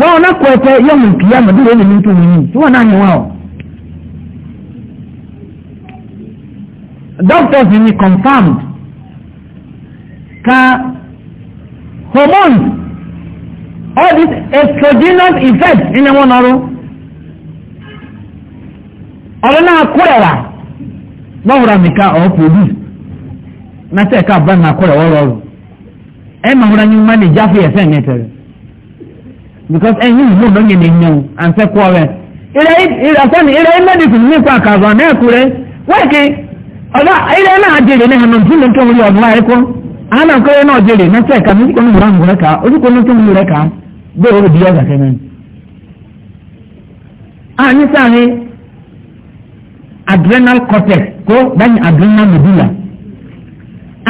wọ́n náà kọ́ ẹ̀kọ́ yọ̀mù kìyàmù dúró ní mi tó wù mí tí wọ́n náà yẹ wọ́n o. doctors ni confirmed ka hormones all these exogenous effects ní wọn nọrọ ọ̀rọ̀ náà kó ẹ̀wà lọ́wọ́ra mi ká ọ̀ produce n'asẹ̀ ká bá náà kó ẹ̀wà rọrùn ẹ̀ máa wúra ní mmanì jáfe ẹ̀sẹ̀ ní ẹ̀tẹ̀rẹ̀ because ẹ̀yìn ìlú ló ń yẹn ní yẹn à ń fẹ́ kó ọ̀rẹ́ ìrẹ̀ ìrẹ̀ sẹ́ni ọ̀dọ́ ilé náà jèrè ní hànà tí tó ń rí ọ̀dọ́ láyé kó na náà jèrè mẹ́tẹ́ ẹ̀ka mẹ́tẹ́ kọ́nà ìrọ̀ ojúkọ́ ó di adrenal cortex kó báyìí adrenal medulla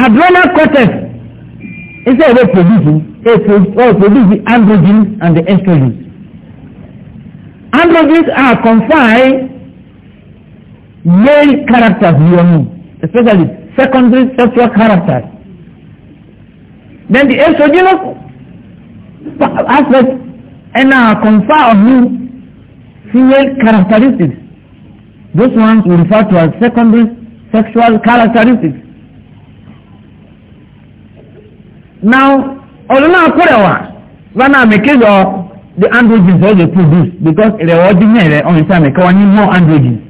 adrenal cortex iṣẹ́ ìwé produce ẹ̀ produce androgen and estrogen androgens are confined. male characters you know, especially secondary sexual characters. Then the exogenous aspect and uh, confer on you female characteristics. Those ones we refer to as secondary sexual characteristics. Now, ọlọ́nà àkúrẹ̀wà lọ́nà àmìkéjọ the androgens all they produce because ìrẹ̀wọ̀ ọdún mẹ́rẹ̀ ọ̀hún sí àmìkẹ́wọ́ ní more androgens.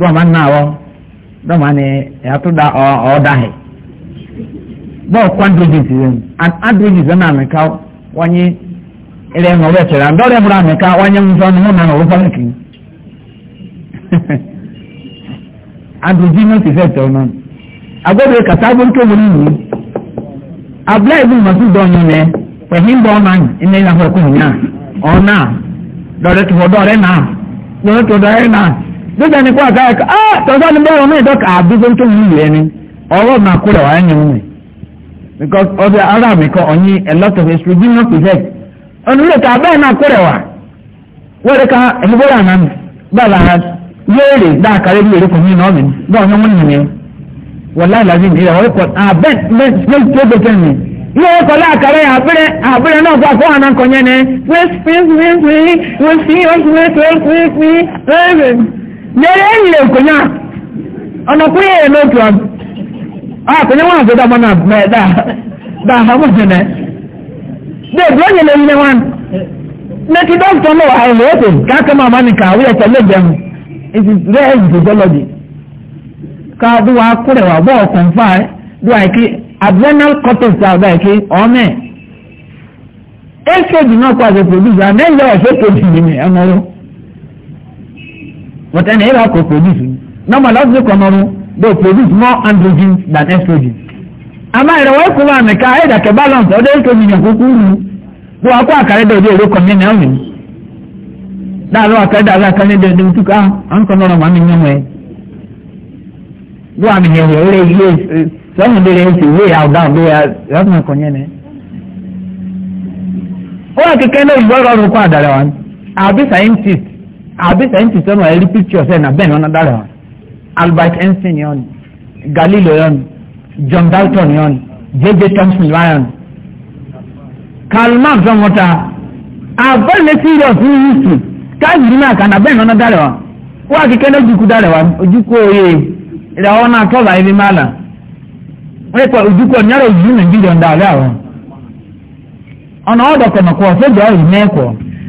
dọ́ọ̀mà ń náà wọ́ dọ́ọ̀mà ni ẹ̀yàtọ̀ da ọ̀ọ́dà hẹ̀ bọ́ọ̀ kó androgens rẹ̀ mu androgens rẹ̀ náà mẹ̀ká wọ́n yé ilẹ̀ ẹ̀hún ọ̀rẹ́ tẹ̀lé àndọ́rẹ́ mu rà mẹ̀ká wọ́n yé musa ni wọ́n nà ọ̀rọ̀ kì í androgens náà ti fẹ́ tẹ̀ ọ́nà agbọ́dọ̀ kàtà agbọ́dọ̀ tó wọ́n nù abúlé ìbú màtún dọ̀nyọ́ nẹ pẹ̀hìn bọ́ ọ̀nà ilẹ̀ ìlànà ọ̀kùnrin náà ọ̀nà dọ̀rẹ́ tó dọ̀rẹ́ náà dọ̀rẹ́ tó dọ̀rẹ́ náà. dókítà ní kó àtàrà ká á tọ́sá ní bọ́ọ̀rọ̀ mí dọ́kà àbúgbó tó ń lù ẹni ọ̀rọ̀ máa kó wá because ọdẹ ara mi kọ ọ̀yìn a lot of estrogenous effect ọ̀nùlẹ̀ ká bẹ́ẹ̀ náà kó rẹ̀ wá wọ́ọ̀dẹ̀ ká ẹni bọ́ọ̀rọ̀ mi bá yéèrè dáa kárí bí èrè kùnmí náà mi bọ́ọ̀ ní nìyẹn wọ́n láì lájú ìyàwó ilé náà bá fún nyere enyi nkwenye a ọnụ kwenye ya n'otu ah a kwenye nwa azụ dama na mbe da ha mụ sene de bụ onye na-enyi nwa neki dọkịta ọnụ wa ahụ otu ka aka mama ni ka awụya chọle jem it is rare in physiology ka duwa akụrụ wa bọọ kọmfa dịwa ike adrenal cortex ahụ ike ọmị estrogen ọkwa dị produce and then yọ ọsọ protein ọmọrụ wata na ịra ka produce normal ọsị kọnọrụ produce more androgen than estrogen ama ere wee kwụwa amị ka ị dake balance ọdọ estrogen ya kwụkwụ uru bụ akwa akara dị ọdị ero kọmịnị ọmị daalụ akara dị akara dị ọdị ntụkọ ahụ ankọnọrọ ma amị nwee bụ amị na-ewe ihe sọmụ dịrị esi wee ya ụda ụdị ya na ndị oyibo ọrụ ọrụ kwa àbí scientist ọ̀nà ẹ̀rí pictures ẹ̀ nà bẹ́ẹ̀ ni ọ̀nà dára wọn albert einstein yọ̀ ni galileo yọ̀ ni john dalton yọ̀ ni jj thompson yọ̀ ni karl marx ọmọ ta àbọ̀lẹ̀ serious ní history káàkiri náà kà nà bẹ́ẹ̀ ni ọ̀nà dára wọn wọ́n àkíkẹ́ ní ojúkú dára wọn ojúkú oyè rẹ̀ wọn náà tọ́lá ibi máa là wọ́n yẹ pé ojúkú ọ̀nyára ojú nàìjíríà ń dára wọn ọ̀nà ọ̀dọ̀kọ̀nà kọ̀ ọ̀sẹ̀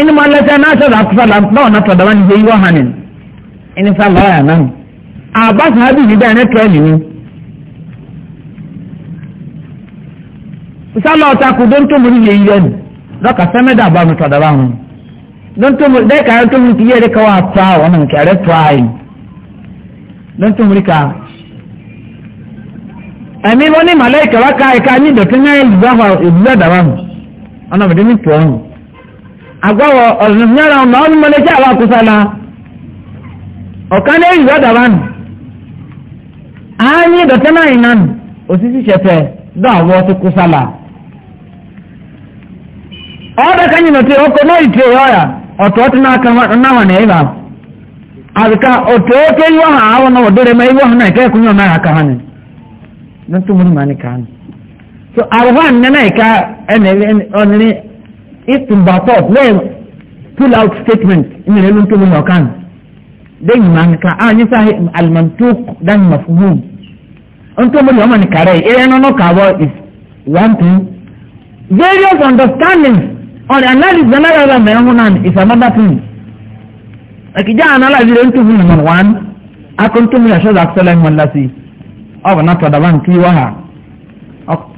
ini ma lẹsẹ náà sọdọ akọsọ la báwọn náà tọdọ wọn yẹ iwọ hàn ní ẹni sá lọọyà náà àbáṣe hábì yìí bẹ́ẹ̀ ní tírẹ́ẹ̀lì ni. sálọ ọ̀tá kù dóńtòmù yẹ iyẹ nù dọ́kà sẹ́mẹ́dà àbámu tọdọ wọn hàn dóńtòmù dẹ́ka dóńtòmù ti yẹ ẹ̀ka wà tó àwọn ọmọ nìkẹ́ rẹ̀ tó ààyè dóńtòmù rí ka ẹ̀mí wọn ní màlẹ́ ìkẹ́wàá ká ẹ̀ka ní ìdọ̀tí náà ìlú agwawo ọ̀rọ̀mìnira ọ̀nà ọ̀nà mọ̀lẹ́kí àwọn akúsàlá ọ̀ká ní èyí ọ̀dàbà nù ààyè dọ̀tẹ́ náà iná nù òsìsì ṣẹ̀fẹ̀ dọ̀wọ́ ti kúsàlá ọ̀dọ̀ ọ nà ti ọkọ̀ náà ìtì ẹ̀yọ́ ọ̀yà ọ̀tọ̀ ọ̀tí náà wà ní àbíká ọ̀tọ̀ áwọn náà mẹ́ If istinbatot lẹ́yìn pull out statement ní ẹ̀rọ tó mú ọ̀kan lẹ́yìn máa nìkan á ah, ní sáà alimantok dání mafuhum ntọ́ mo ní ọmọ nìkan rẹ̀ ẹ̀rọ ẹ̀rọ náà kàwọ́ is one thing various understandings or the analysis and another mẹ́rin hún náà is another thing ẹ̀kìjà analysis rẹ̀ ń tó fún number one akọ́ntọ́ mo ní aṣọ́dọ̀ akọ́sọ́lá ẹ̀hún ọ̀la sí ọ̀bọ̀ náà tọ́ dàbá nkiri wá ha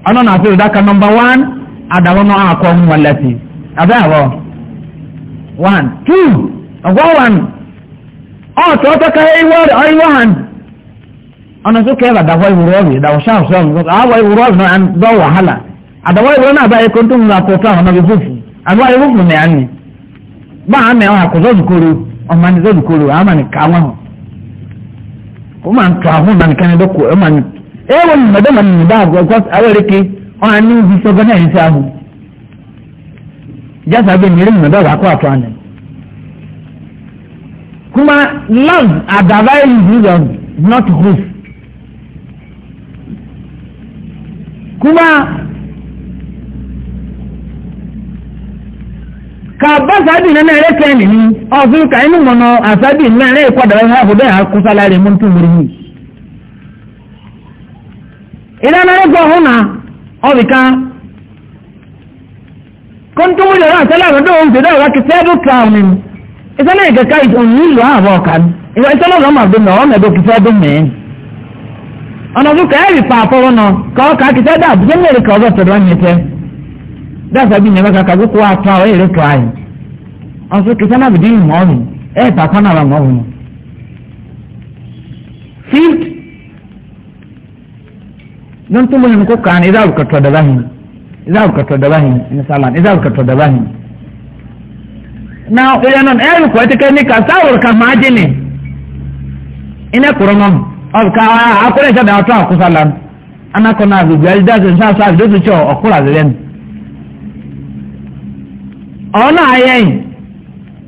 ọ̀nà náà fẹ́rẹ̀ dáka number one àdàwọn náà akọ́ ọ̀hún ọ̀la sí abẹ́ àwọ̀ one two ọ̀gbọ́ one ọ̀tọ̀ ọ̀tọ̀ka ẹ̀wọ̀ hàn ọ̀nà sókè ẹ̀rọ àdàwọ̀ ìwúrọ̀ ọ̀bì ìdàwọ̀ ṣáà ṣọ́ ọ̀nà àwọ̀ ìwúrọ̀ ọ̀bì náà bọ̀ wàhálà àdàwọ̀ ìwúrọ̀ náà báyìí kó tó ń lọ pọ̀tọ́ àwọn ọ̀nà fúfú àdàwọ̀ ìwúfú ni àní bá àmì àwọn àkọ́sọ́ zùkúrú ọmọ ní zùkúrú àmà ní káwọn hàn ó máa ń tọ́ àhún náà nìkan ẹ̀dọ́kọ̀ ẹ̀ máa ń ẹ̀wọ̀n jasa bin mirin na daga akwa to anya kuma love a divine reason not hope kuma ka bá sábì na ẹrẹ kẹrin ní ka inú mọ̀nà àsábì nínú ẹrẹ ìpadà ẹ̀hún àfọ̀bẹ́ àkúsálárì mú tún mú rí. ìdáná na ọ̀hún kóńtòmù yẹn náà sẹ́lẹ̀ àgbẹ̀dọ̀ òun ṣẹ̀dá ìwà kìtẹ́ẹ̀dù kàwùnì ìṣẹ́lẹ̀ ìkẹ́kẹ́ ìlú àwọn ọ̀kà ìwà ìṣẹ́lẹ̀ ọ̀nà àgbẹ̀ náà ọ̀nà ẹ̀dọ̀ kìtẹ́ẹ̀dù mẹ́ẹ̀ ọ̀nà tó kẹ́ ẹ̀rì pàfọ́rọ́ náà kọ́ ọ̀kà kìtẹ́ẹ̀dù àbújẹ́ mẹ́rin kọ́ ọ̀bẹ̀ tọ̀dọ̀ ẹ̀yẹ tẹ́ dáṣàbí ní ẹ̀mẹ́ka kàgbé kó àtọ́ àwọn èrè tó ààyè ọ̀sọ́ kìtẹ́ náà bìdí ìmọ̀ ọ̀rùn ẹ̀ pàkọ́ náà wà ọ̀rùn. fíìt ló ń túmọ̀ ní kó kàn ní ìdáàbò kọ̀tọ̀ dàbáyìí idan ka to da bahin in salan idan ka to da bahin now idan nan eh ko ta kai ni ka sawar ka majini ina kuronon of ka akure ta da to akusalan ana ko na bibel da zan sa sa do su cho okura zelen ona ayen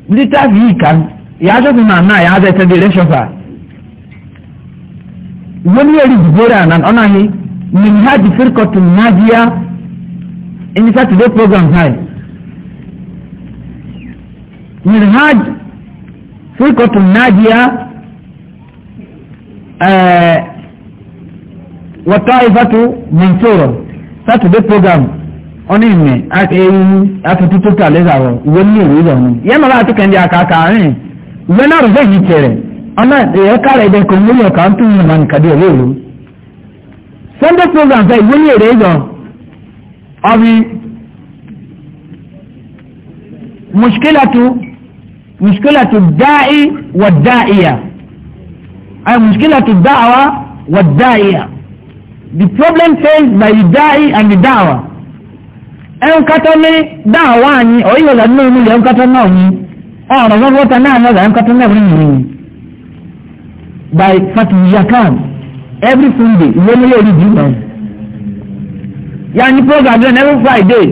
lita vi kan ya zo na na ya da ta dire shofa wani yari gora nan ona ni in Saturday program high. Minhaj Firqatun Najia wa Ta'ifatu Mansura Saturday program ọ̀nà ìmẹ̀ àtúntò tó tà lẹ́sàrọ̀ ìwé ní ìwé ìlọ̀ ni. Yẹ́n màá tó kẹ́ndí àkàkà rìn ìwé náà rẹ̀ yìí tẹ̀rẹ̀ ọ̀nà ẹ̀ka rẹ̀ dẹ̀kọ̀ mórí ọ̀kà ń tún ìmọ̀ nìkàdé ọ̀lẹ́rú. Sunday program fẹ́ ìwé ní èrè ìlọ̀ أبي مشكلة مشكلة الداعي والداعية أي مشكلة الدعوة والداعية the problem faced by the da'i and the da'wa ẹn kátó ní da'wa ni ọ̀yí ọ̀dà nínú inú ilẹ̀ ẹn kátó náà ni ọ̀rọ̀ wọn wọ́ta náà ní ọ̀dà ẹn kátó náà ní ìrìn by fatih yakan every sunday ìwé nílé orí jùlọ. ya program then every friday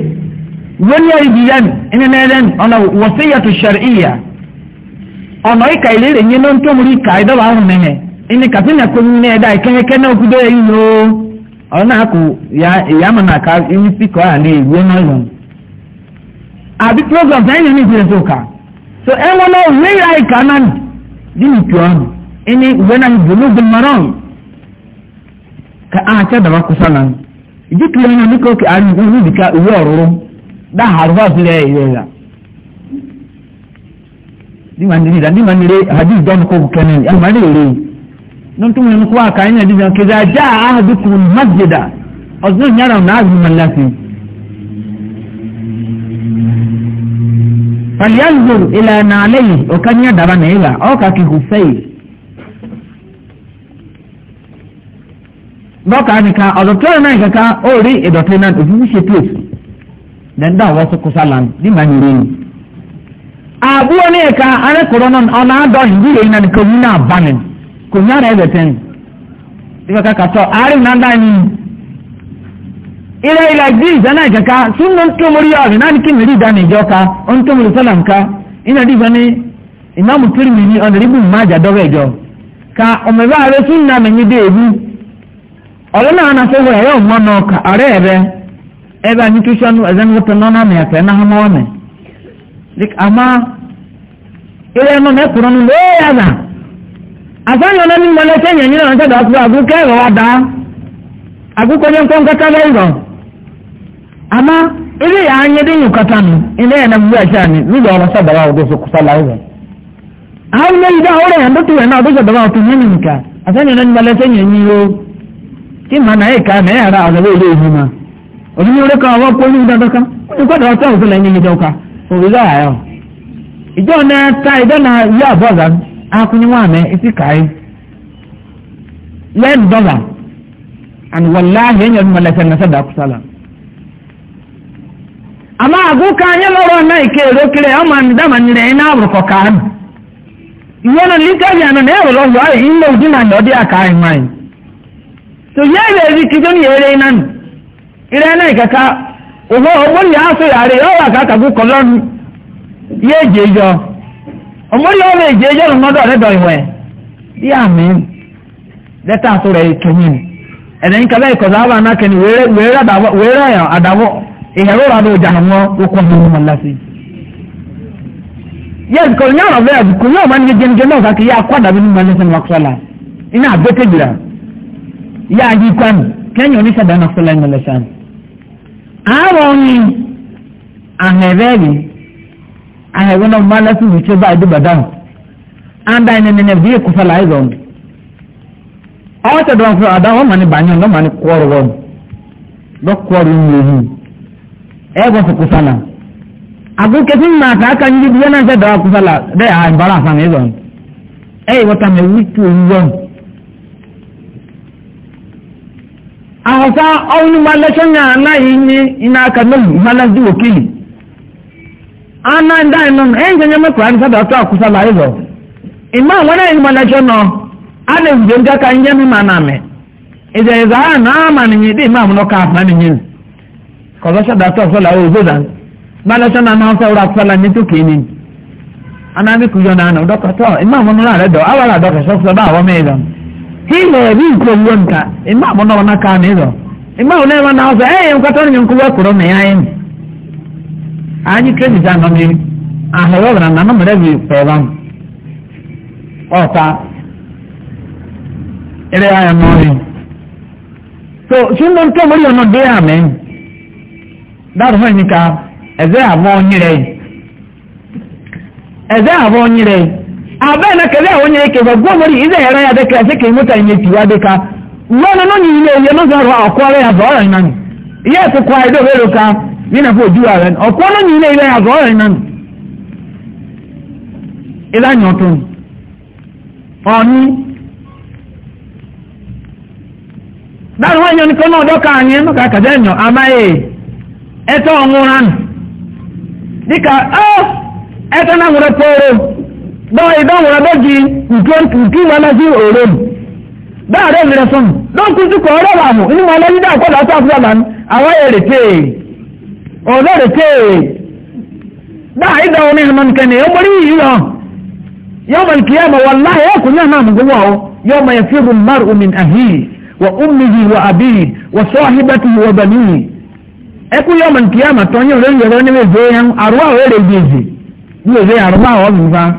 wani yari bi yan ina na yan ona shar'iyya ona ika ilere nye no nto muri ka ido ah, ba hu mehe ini kapina ko ni na da ikene okudo yi no ona ku ya ya mana ka ini piko a ni igwe na yo abi program then ni bi so ka so e no ya ika nan dini tu ini ka a ta da ìdíkìlẹ̀ náà nípa òkè àrùn ìgbọ́n ní ìdíkà ìwé ọ̀rọ̀rọ̀ dáhàrú wà sílẹ̀ ìwé rà nígbà nílé ìdá nígbà nílé àdí ìdánù kò kù kẹ́nẹ̀ àmàlẹ́ èrè nínú wọn kó àkàrí náà dídán kéde ajá àádókù májèdà ọ̀sán ìyára ọ̀nà àzùn mọ̀láṣí. pàlíyàzò ìlànà alẹ́ yìí ọ̀kan ní àdàbà náírà ọ̀kà kìkù fẹ́yìí bọ́ọ̀kà nìkan ọ̀dọ̀tọ́rọ̀ náà kankan ó rí ìdọ̀tí náà òfin ṣe place dẹ́ndà wọ́n sọkọ sálàm ní màá nìyẹn ni. àbúrò ní ẹ̀ka arẹ́kọ̀rọ̀ náà ọ̀nà àdọ̀ ìlú yẹn náà kò ní náà bá mi kò ní àrẹ̀ ẹ̀bẹ̀tẹ̀ ni. ìgbà kàkà tọ́ àárín náà dá ní. ilé ilé ẹgbẹ́ ìdáná ìkàkà tún ló ń tó mórí ọ̀rẹ́ náà ní kí mèrì ìdáná ìjọ ka ó tó mórí sálàm ka iná dìbò ní ìmáàmù tìrìmì ní ọ̀nà ìbùn máàjà ọ̀rẹ́ náà na ya wọ ẹ̀rẹ́ ọ̀mọ́ náà ebe a ẹ̀rẹ́ ẹ̀rẹ́ ebe tó sọ́nù ẹ̀zẹ́nu wọ́pẹ́ náà nà ẹ̀fẹ́ náà mọ́ ọ̀nà àmà na ẹ̀mọ́ náà kúrọ́ nù na yà nà àtàyàn náà ní mọ́lẹ́ sẹ́yìn ẹ̀yìn náà sẹ́dọ̀ ọ̀tún àgùkẹ́ ẹ̀rọ wa dá àgùkọ́ ní nǹkan kọ́tà lẹ́yìn tí màá náà ẹ̀ka náà yàrá àgbẹ̀wò ilé ma òbí ní oríkà ọwọ́ pé ní dandanka ó ní kọ́dọ̀ ọtọ́ òfin lẹ́yìn ìjọ ká òbí láyà yọ. ìjọ náà ta ìjọ náà yọ àbọ̀dà akúnyẹ́wọ̀n àmẹ́ etí kàáyé lẹ́ẹ̀dì dọ́là and wàláhì ẹ̀yìn ọdún mọ̀lẹ́sẹ̀ ní sẹ́dà kùsàlà. àmọ́ àgùkà na to yere ri kijo ni yere nan ire na ikaka owo owo ni aso yare yo oh, wa ka kagu kolon ye jejo omo yo le jejo no do re do iwe bi amen leta so re kenyin ẹ̀dẹ̀ nǹkan bẹ́ẹ̀ kọ̀dá wà náà kẹni wẹ́rẹ́ àdàwọ̀ ìhẹ̀rọ àdó ìjà àwọn okùn ọ̀hún ọmọ lásì. yẹ́n kọ̀ ní ọ̀rọ̀ bẹ́ẹ̀ kò ní ọ̀ma ní jẹnjẹ náà kàkiri akọ́ àdàbí ní mọ́lẹ́sẹ̀ ní wàkúrọ̀lá iná ya anyị kwanu kenya onisa dana fela imelesan arọ ni ahẹrẹri ahẹrẹ náà mọ alásù na anda ẹni nínú ẹbí èkó fẹlẹ àìsàn ọhún ọwọ tẹ dọrọ fún ọdá wọn mọ ní bàánù ọdọ mọ ní kọrọ wọn lọ kọrọ ń lè hù ẹ bọ fún kùsàlà àgùnkẹsí ń máa ahụfa ọnwụ mmalekọ anaghị nye n'aka n'olu mmalezi okili ana ndị anyị nọ e na enyi onye mekwa sada ọtọ akwụsala ịma nwere enyi mmalekọ nọ a na ndị aka nye m na amị ịdị ha na ama na nye dị ịma amụnọ ka afọ anyị nye kọzọ sada ọtọ akwụsala na ụra akwụsala nye anaghị kụjọ na anọ dọkọtọ hile vinko uonka ima mbona wanakana hizo ima unewa na hoza ee ni anyi kredi ni ahewa na nana mrevi pevan ota ile haya mwari so shindo mto mwari ono dea eze avo eze avo na kaza wonye yake ba gomori ize yara ya daka sai kai mutane tiwa daka wani noni ya ile no zaro akwara ya zaro nan iya ko kwa ido bero ka nina fo juwa ren okwara ni ile ile ya zaro nan ila nyoto oni dan wonye ni na doka anyi no ka kaza nyo amaye eto onwuran dịka oh eto na ngure poro dɔw ye dɔw wɔrɔ bɛ di a ntu mana si oro mu dɔw yɛrɛ yɛrɛ sɔn dɔw kun ti kɔrɔ b'a mu ni mɔna yi da kɔ da sɔn fila ban awa yɛrɛ te ɔdɔ yɛrɛ te dɔw ayi dɔw ni hama yi ma kun na mu o yɔma yɛ fi rum mari ahi wa umihi wa abi wa sɔhibati wa bani ma yɛrɛ ne bɛ zɛ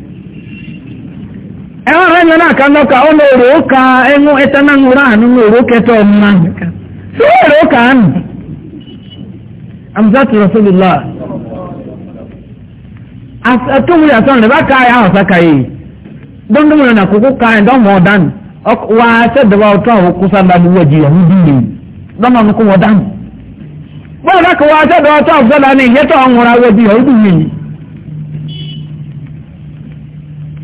ẹwọ́n rẹ̀ nana àkàndọ́ka ọ na èrò ụka ẹnu ẹtana ńwúrọ̀ àánú na èrò kẹta ọmọ sí ụka àánú amzatu rasulillah atúmù yàtọ̀ rẹ̀ bá ká ẹ̀ àwọn ọ̀sá kàyé dọ́ndọ́mù rẹ̀ nà kókó ká ẹ̀ dọ́mọ̀ ọ̀dánù wà á sẹ́dọ̀bà ọ̀tọ́ àwọn kó sábà ní àwọn ní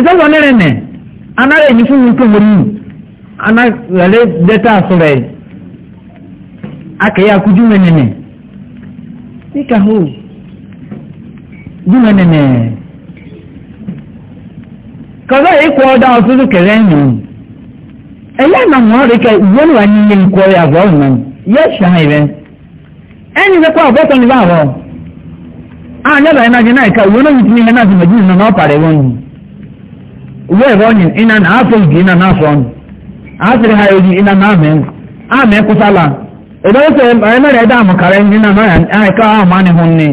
ìsọ́sọ́ ní rìnnẹ̀ anára anaghị fún mi tó mo yìí anára dẹ́ta àsọ̀rọ̀ ẹ̀ akẹ́yẹ akú júmẹ̀nẹ̀nẹ̀ níkà hó júmẹ̀nẹ̀nẹ̀ kọ́sọ́ yìí kọ́ ọ́dá ọ̀tútù kẹrẹ́ ẹ̀yìn ẹ̀yẹ́ ẹ̀nà mọ́ rí kẹ ìwọ́n wà ní ilé nkọ́ ẹ̀ àbọ̀ ọ̀nà yẹ ṣàn rẹ ẹni pẹ́ kọ́ ọ̀bọ̀tọ̀ ní báwọ̀ àwọn wẹ́ẹ̀rọ ọ̀yìn iná na afọ ìdí iná na sọ ọnụ asịrị ha èyí iná amị mẹ́rin àmì ẹ̀kúsálà èdèwó sẹ ẹ̀mẹ́rẹ̀ ẹ̀dá àmùkàrẹ̀ na iná náà àìká àmàni hùn ní.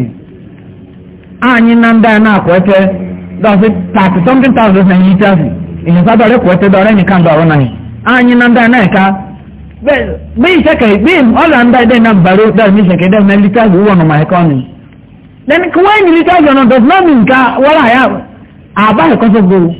ààyè náà ń na iná ete ẹ̀tẹ́ dọ́sí thirty something na naira yìí tẹ́sí ìyẹn sábà rẹ̀ kọ́ ẹ̀tẹ́ dọ́rẹ́ nìkan dọ̀rọ̀ náà ààyè náà na-eka bụ ẹ̀ka bí ìṣẹ̀kẹ̀ bí ọ̀là ń na ẹ̀dẹ́ iná bàrẹ́ dọ́rẹ́ mi ìṣẹ̀kẹ̀ dẹ́rẹ́ mi lítàzì wúwọ̀n ọmọ ẹ̀kọ́ ọnụ then why ni lítàzì ọ̀nà does not mean ká wọ́n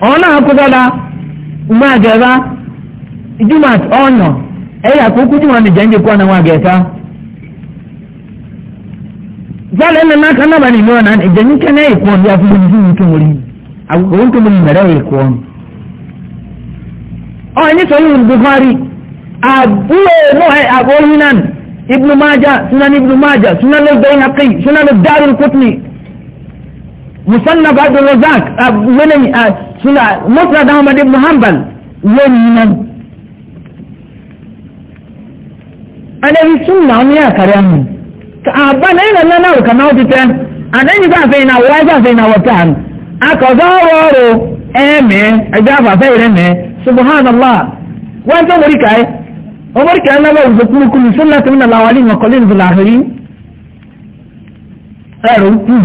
ọ̀hún náà kó dọ́la mú àgẹ̀rá ìjùmọ̀ ọ̀nà ẹ̀yà kúkú jùmọ̀ ní jẹ́ńjẹ́ kó ọ̀nà wọn àgẹ̀ta. zálẹ̀ ẹ̀mẹ̀ máa kan náà bá nìyí ọ̀nà ìjẹ̀yìn kẹ́nẹ́ èkó ọ̀nà bí afúnbó ní fún tó mórí àgùkò ń tó mórí mẹ̀rẹ̀ èkó ọ̀nà. ọ̀ ẹni sọ yìí buhari àbúrò mọ́ ẹ̀ àgbóyún náà ibnu maja sunan ibnu maja sunan sunan suna mutra da Ahmad ibn Hanbal wani nan anabi sunna wani ya kare mu ka abba na yana nan na kana odita anan yi za fe na wa za fe na wata an aka za woro eme ajafa fe ire ne subhanallah wa za muri kai umar kai na ba ku kuma kun sunnatu min al wa qalil bil akhirin ero ku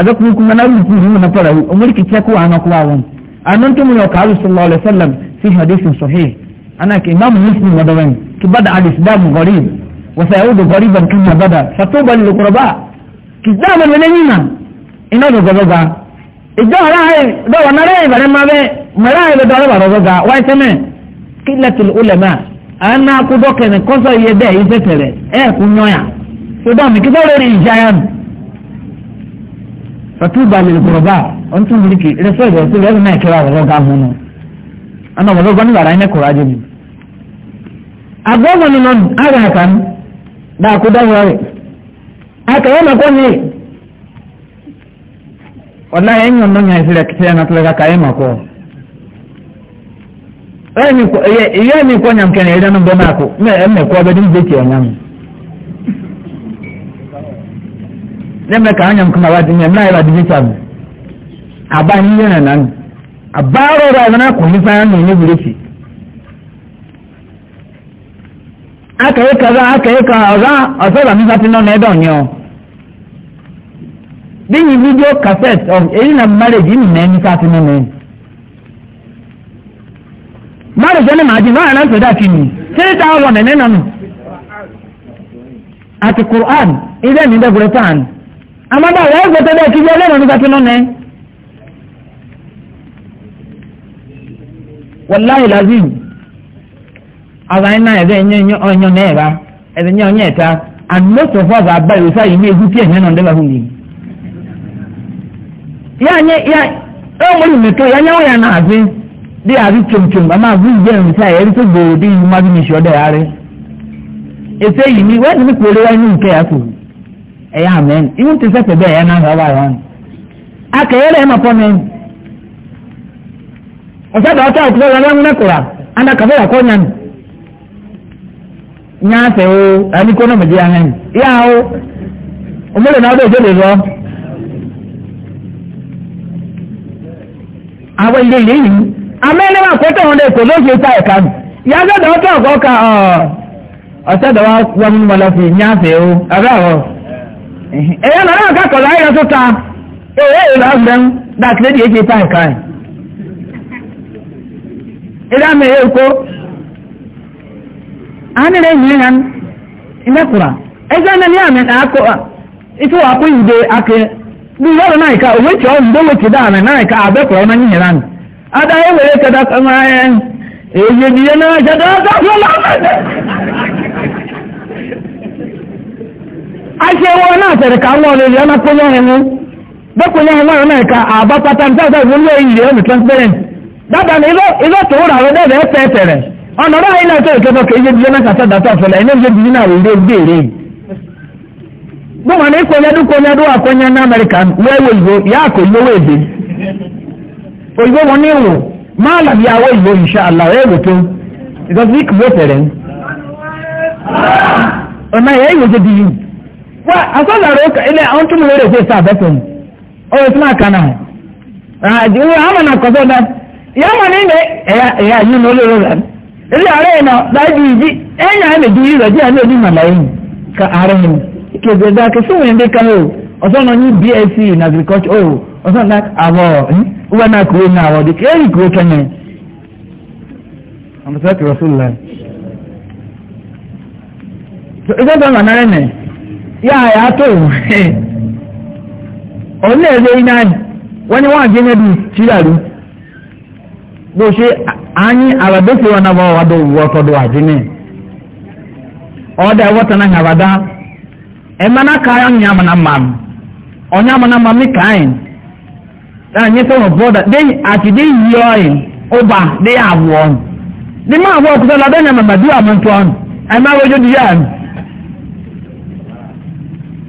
azakun kuma na rubu ku na fara umar ki ce ku ana kuwa wannan أنتم من يقال صلى الله عليه وسلم في حديث صحيح أنا كإمام مسلم ودوين كبدأ الإسلام غريب وسيعود غريبا كما بدأ فطوبى للقرباء من كذابا ولنينا إنه غضبا إجاه راهي دوا نراهي لما بي مراهي بدوا غضبا ويسمى قلة العلماء أنا أقول لك أن قصر يديه يستره إيه كنويا فدامي كذا لوري إجايان fatuba lè gbọ̀rọ̀bá ọ̀ntún mìlíkì ìrẹsẹ̀ ìrẹ̀ tó lẹ́nu náà kẹwàá ọ̀rọ̀ ga hùn nù ọ̀nà ọ̀rọ̀ gbọ́n níbàrà ẹ̀nẹ́ kọ̀ọ̀rọ̀ ajé mi. agbọ́mọ non ara ẹ̀ka ní dàkú dáhùn rẹ̀ akẹ́wọ́ mẹ́kọ́ ni ọ̀la ẹ̀yìn ni ko nyam kìtẹ́ ẹ̀nà non lẹ́ka káyé Me me ko kọ́ nyàmkẹ́ni ẹ̀dánù bọ́ nẹ́mẹ̀ kà ányà nkùmà wá dìnyẹ náà yẹ́wà dìnyẹ sàbù àbá yín yẹn nànà nù àbá rọrọ àwọn akọ̀ nípa nù ní bìrìsì. akẹ́yẹ kẹfà akẹ́yẹ kà ọ̀rá ọ̀sẹ̀ ìbàmísà ti nọ́ọ̀nà ẹ̀dọ̀ ni ọ. bíyìn fídíò cassette of èyí nà marriage yìí nìyẹn ní sáà ti nọ́ọ̀nà ẹ̀. marriage ẹni màá di náà ẹ̀ náà ń pè dà kí ni three thousand ẹ̀ nínú. àti quran ilé mi dẹ́gbẹ̀rẹ̀ fáànù. amada ọ̀rọ̀ ẹ̀gbẹ́ tó bẹ́ẹ̀ kíbi ọlọ́run nígbà tó nọ́nẹ́. wàláyé lazim àwọn ẹ̀ná ẹ̀dẹ́ ọ̀yàn náà ẹ̀ra ẹ̀dẹ́ ní ọ̀yàn ẹ̀ta and most of us are by the side ní egúsí ẹ̀yàn náà ndẹ́bà fún mi. yáànyẹ yá ẹ wọ́n mú mi tó yáànyẹ wọ́n yà náà àti bí àti tòmtòm àmà àbúrò ìjẹ́ ẹ̀rù sáà ẹ̀rí tó gbòòrò dé ìlú má bí mi sọ́dọ̀ yà yìí ni wẹ́ẹ̀dì mi kò lé wáyé ní yà kò ɛyɛ amen iwu ti sɛ pɛ bɛ ɛyɛ n'ahɛ ɔba yɛ wani akɛyɛ lɛ ɛma pɔmɛn ɔsɛ da ɔtɔ ɔtɔ lɛ Anda n'ekura ana kafe yɛ kɔnya no nyaasɛ o ɛni kɔ na mɛdi ahɛn yaa o ɔmɛlɛ na ɔbɛ ɛdɛlɛ lɔ awɔ ilé ilé yìí amẹ́ni wa kọ́tà wọn dẹ̀ kò ló ṣe ta ẹ̀ka mi yàtọ̀ da ɔtɔ ɔkọ̀ ka ọ̀ ɔsɛ da wa wọn mu mọlẹ́fì nyaasɛ o abẹ́ àwọn. ẹ̀yà náà ká kọ̀lá ẹ̀yà tó ta ẹ̀yà ìlú àgbẹ̀ ń dàkílẹ̀ di èjì pa nǹkan ẹ̀. ẹ̀dá mi a èkó àánilẹ̀ ìhìn hàn ìmẹ́kùrà ẹ̀jẹ̀ náà ní àmì àkọ́ ìtú àkó ìdè akẹ́ bí lọ́rọ̀ náà ìka òwe tí ọ̀hún gbówó ti dáàmì náà ìka àbẹ́kùrà ọ̀nà yìnyín rán kẹta ashe wannan sarka wannan ne yana kunya ne da kunya ne wannan ka a ba patan ta da mun yi ne mu transparent dada ne izo izo to ra da da ta tere ona ra ina to ke ba ke je je na ka ta da ta so la ina je bi na wo de de re bo ma ne ko ya du ko ya du akonya na american we we go ya ko lo we de oyinbo wọn ní ìwò máa làbí àwọ ìwò ìṣe àlàyé ìwò tó ìgbàsí ìkùbọ̀ tẹ̀rẹ̀ ọ̀nà ẹ̀yẹ́ ìwò tó di yìí wa asọ́lọ̀rọ̀ ọkà ilẹ̀ àwọn tó mú lórí òfin sáà bẹ́tọ̀ ọ ọ̀rọ̀ tí máa kànáà ràdí wíwá àmà náà kọ́sọ́ dá ìyá ya ní na ẹ̀yà yìí ní olóró rẹ̀ ilé ààrẹ yìí náà dájú ìjì ẹ̀yà ẹ̀ lèdú yìí rọ̀jí àmì òní màlá yìí ka ààrẹ yìí kìlọ̀ dá kí fún wọn déka o ọ̀sán náà ní bsc in agriculture o náà àwọ̀ ya yà á tó òun náà lé wọ́n ní wọ́n àgbẹ̀yẹ́ bí tìràlú bó ṣe anyi àràdókè wọn náà wọ́n wá dó wọ́ ọkọ̀ dó àdínní ọ̀dà ẹ̀wọ́tàn náà yàrá ẹ̀ma náà ká ọ̀nyà àmàna màm ọ̀nyà àmàna màm ní kàn náà nyẹ sẹ́wọ̀n bọ́dà àti dé ọ̀yìn ọba dé àwọ̀ ní máa wọ́n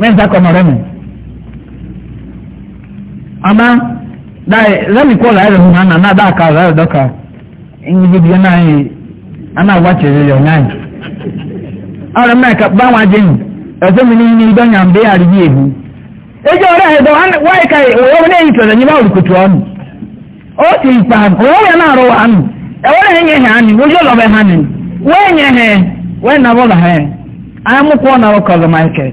mẹ́ta kọ́ mọ̀rẹ́ mi. àmọ́ lẹ́mi kọ́ láyé náà náà ká láyé náà yìí náà. mi kà bá wọn jẹ́yìn ẹ̀sẹ̀ mi ní ní ìdọ́nyà ń bẹ́ àríyí èhu. ọ̀rẹ́ ẹ̀dọ́ wáyé ká òwò ní èyí tọ̀dọ̀ ya bá olùkùtù ọ̀nù. ó ti pa òwò yẹn náà rọ wàánu ẹ̀wọ́n rẹ̀ wọ́n wọ́n wọ́n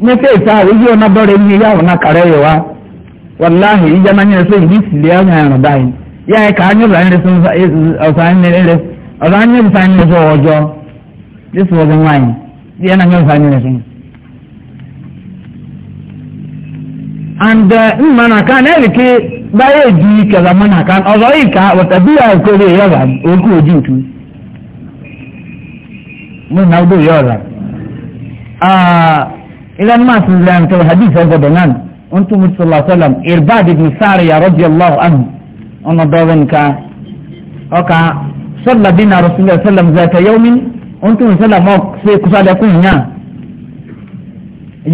mete ita ozi ona bọrọ ihe ya na kara wallahi ija na nyere so ndi sili anya ya na dai ya e ka anyo ra nre so ọsa nre nre ọsa in nwaanyị ya na nyo sa and uh, mma na ka na elike baye ji ka zama na ọzọ yi ka wata biya ya ba oku oji ntu mụ na ya إذا ما سنزلان هذا أبدا أنتم صلى الله عليه وسلم إرباد بن سارية رضي الله عنه أنا ضاغن كا أوكا صلى بنا رسول الله صلى الله عليه وسلم ذات يوم أنتم صلى الله عليه وسلم يكون هنا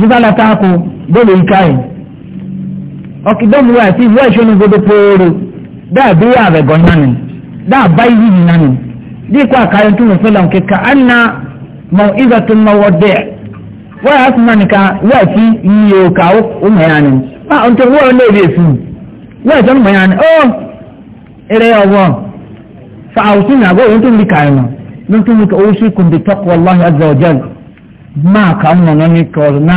جبالا تاكو دولو إكاي أوكي دوم واسي واشون بدو بورو دا بيا بغنان دا بايزي ناني دي كوا كاين تون صلى الله عليه وسلم كأن موئذة الموضع wọ́n yà sùn mánìkà wọ́n yà ti yíyẹ òkà ọmọ yà ni a ntẹ wọ́n lé ebi èsù wọ́n yà sọ́n ọmọ yà ni ó eré ọwọ́ fa àwùsùn ní àgọ́ òun tó bí kàrin nù ló ń bí kà ó sì kùn bí tọ́kù ọlọ́hìn azza wa máa kà ń nà nà kọ̀ ná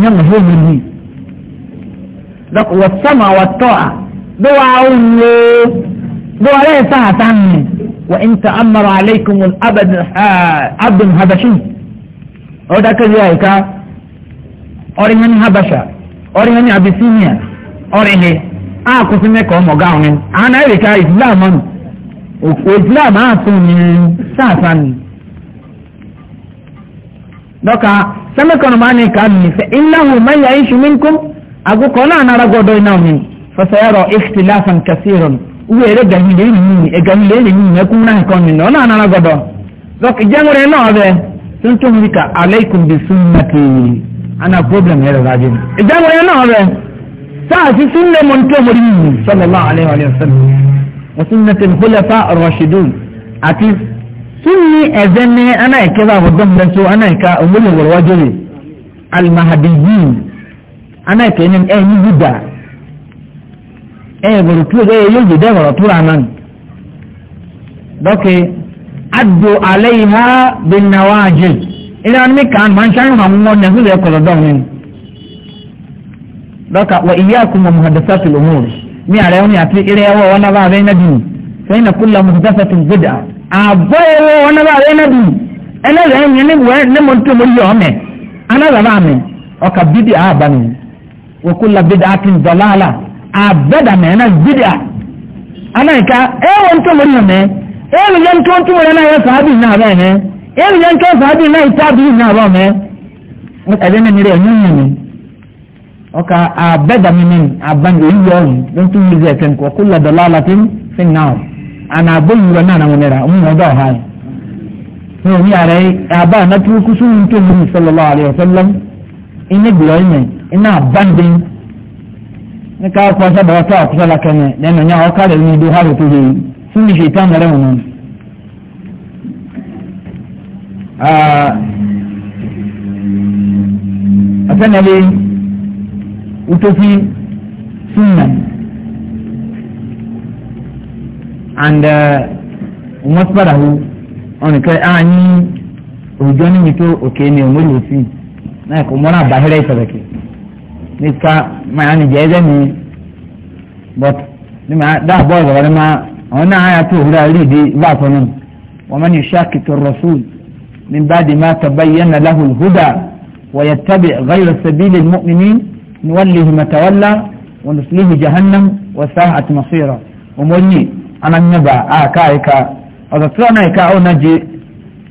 nyẹ́ mọ̀ fún mi ni wọ́n sọ́mọ̀ àwọn tọ́ à bí wàá ó ń bí wàá lẹ́yìn sáà sáà nì wọ́n ń ta amọ̀rọ̀ àlẹ́kùn ọ̀dà kẹ́lẹ́ àyíká ọ̀rẹ́ yẹn ní habasha ọ̀rẹ́ yẹn ní abisinia ọ̀rẹ́ ni a kò sí mẹ́kọ̀ ọmọ gáwọn ni àná ẹ̀ríkà islam ọ̀nù òkú islam á tún ní sáàsá ni. dọ́ka sẹ́mẹ́kọ̀nù máa ní ìka mi fẹ́ ináwó mẹ́yà iṣu mi kún àgùkọ náà nara gbọdọ̀ iná mi fẹsẹ̀rọ ìfìtìláfàn kẹsìrọ̀n wúwo eré gàmìlẹ́rì yìí gàmìlẹ́rì yìí ẹkún náà kọ́ni náà nara gbọdọ̀ dọ́ka ìjẹ́múrẹ́ náà bẹ́ẹ̀ sun tún rí ka aleikum bi sunnati ana problem yẹn lọ́la jẹ́ ìjábọ̀ yẹn náà rẹ̀ sáàsì sunna mọ̀ nítorí mo rí yìí sallallahu alayhi wa sallam wa sunnati nkulafa rashidun àti sunni ẹ̀zẹ̀ ní ana ẹ̀kẹ́ bá wọ́n dọ́m lẹ́sọ ana ẹ̀ka òmùlẹ̀ wọ̀lọ́wọ́jọ́ rẹ̀ alimahadiyin ana ẹ̀kẹ́ ní ẹ̀ ní buda ẹ̀ bọ̀rọ̀ tó ẹ̀ yóò jẹ́ dẹ́ bọ̀rọ̀ tó rà náà adò alẹ́ yìí ha bí nàwa àjẹ ilé wọn mi kà á máa ń sáré hàn wọn ní ẹgbẹ́ ẹ̀kọ́lọ́ dọ̀ wọn. dọ́kà wọ iye àkùnmọ̀ muhadasa tó lò wọ́n mi àrẹ wọn àti ilé ẹwọ́ wọn náà bá abẹ́ iná sẹ́yìn náà kúlọ̀ muhadasa tó gbẹdà àbọ̀ ẹwọ́ wọn náà bá abẹ́ iná dùn ẹlẹ́rẹ̀ ní wọ́n ní mo tó mo yọ ọ́ mẹ́ anáàbà mi ebi yẹn tó ń túmọ̀ rẹ̀ náà yẹ fàábì náà bẹ́ẹ̀ mẹ́ ebi yẹn tó ń fàábì náà yẹ tábì náà bọ̀ mẹ́ ẹ̀dẹ́ mi rẹ̀ ẹ̀yìn mi ọkà àbẹ́dàmí mi àbàǹdì ìlú ọ̀hún ló ń túmọ̀ ìzẹ̀ ẹ̀sẹ̀ nǹkan kó lọ́dọ̀ lálàtí fi náà àná àbóyúwọ̀ náà náà wọnira òun náà dọ̀ ọ̀háyì ní omi ààrẹ àbá ànátúrúkú sóhun tó nínú ṣètàn rẹ̀ wọn. asẹ́nàlẹ́ utofi sunna and umasparahu ọ̀nìkan ààyè òjò níbi tó òkè ni òmòlù òfin náà kò mọ́ra àbáhẹ́rẹ́ ìtọ̀rọ̀kì nípa máa ní jẹ́ ẹ̀zẹ́ mi but dáàbọ̀ ọ̀rọ̀ rẹ̀ máa. هنا آية هرالي دي باطن ومن يشاكك الرسول من بعد ما تبين له الهدى ويتبع غير سبيل المؤمنين نوليه ما تولى ونسليه جهنم وساعة مصيره ومولي أنا النبع آكايكا آه، وذكرنا إكا أونجي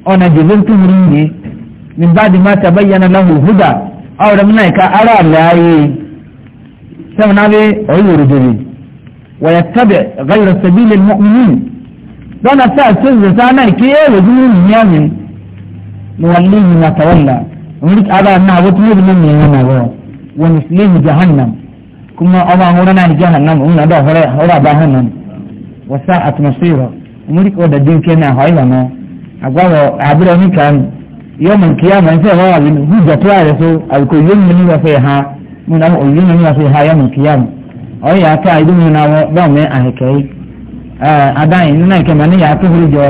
أونجي ذلت مريني من بعد ما تبين له الهدى أو رمنا إكا أرى الله سمنا بي عيور جديد ويتبع غير سبيل المؤمنين وانا سأسز سانا كي يجنون إيه نيامي نوليه ما تولى وملك أبا أنها وتنيب مني هنا ونسليه جهنم كما أبا هنا جهنم ومن أبا هنا جهنم وساعة مصيره وملك أبا الدين كنا هايلنا أقوى عبر كان يوم القيامة يسير هو هجة توارثه أو كل يوم من يوفيها من أبو يوم من يوفيها يوم القيامة ọyọ aka ìdúmọ̀ náà wọ bẹ́ẹ̀ mi àhẹkẹ́ yìí adáyìn nínú ẹ̀kẹ́ mọ̀ níyà tó húrú jọ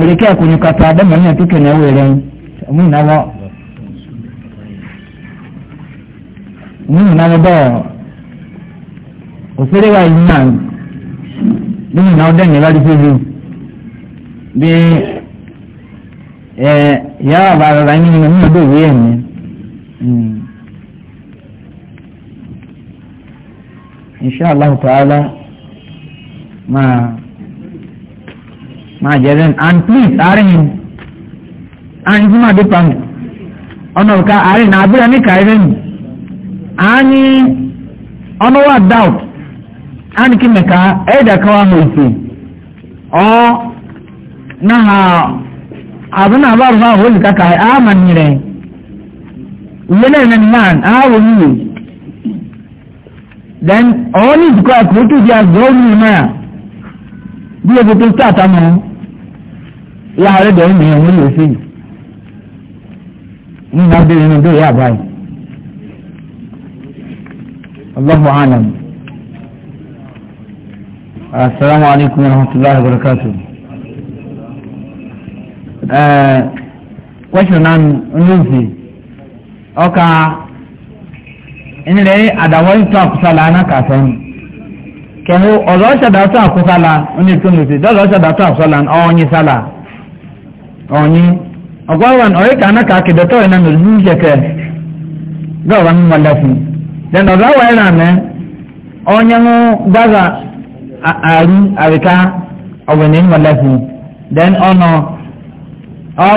ìrìkẹ́ ẹ̀kùnrin kata adẹ́mọ̀ náà tó kẹ̀lẹ́ wọ̀ rẹ̀ mú ìnáwó mú ìnáwó bẹ́ẹ̀ òfèrè wa yìí náà mú ìnáwó dẹ́yìn lọ́dún fúru bí ẹ̀ yàrá bàrà rà nínú mú ìdó ìwé ẹ̀ inshallah ta'ala ma ma jẹ́rẹ́n and please àárín àárín tí máa dé pa mi ọ̀nà òkà àárín náà abúlé ní kàírín àání ọ̀nà wà doubt àní kí mẹ̀ka ẹ̀dà kan wà hàn ìsìn ọ̀ náà abin abar ma holi kaka a man ni re lele nan man a woni then all is quiet kò tó di àgbọ̀ ní ìmọ̀ràn bí ebi tó start àmọ́ yà á rẹ̀ dẹ̀ ń mìíràn wọ́n yóò sèyí ní ìgbà bẹ́ẹ̀ nínú bẹ́ẹ̀ yà báyìí allahu alam asalaamu alaykum wa rahmatulahi wa barakatu. Eh, question nan nnuzi ọka. Okay. ìnìlẹ̀ àdàwọ̀ ìtọ́ àkúsàlà anákàtọ́ kẹ̀hó ọ̀dọ̀ ọ̀ṣàdàtọ̀ àkúsàlà oní ìtúnlùsì dọ́dọ̀ ọ̀ṣàdàtọ̀ àkúsàlà ọ̀ọ́nyin sálà ọ̀ọ́nyin ọ̀gbọ́n ọ̀rẹ́ kà anáka kìdọ̀tọ̀ ìnà nù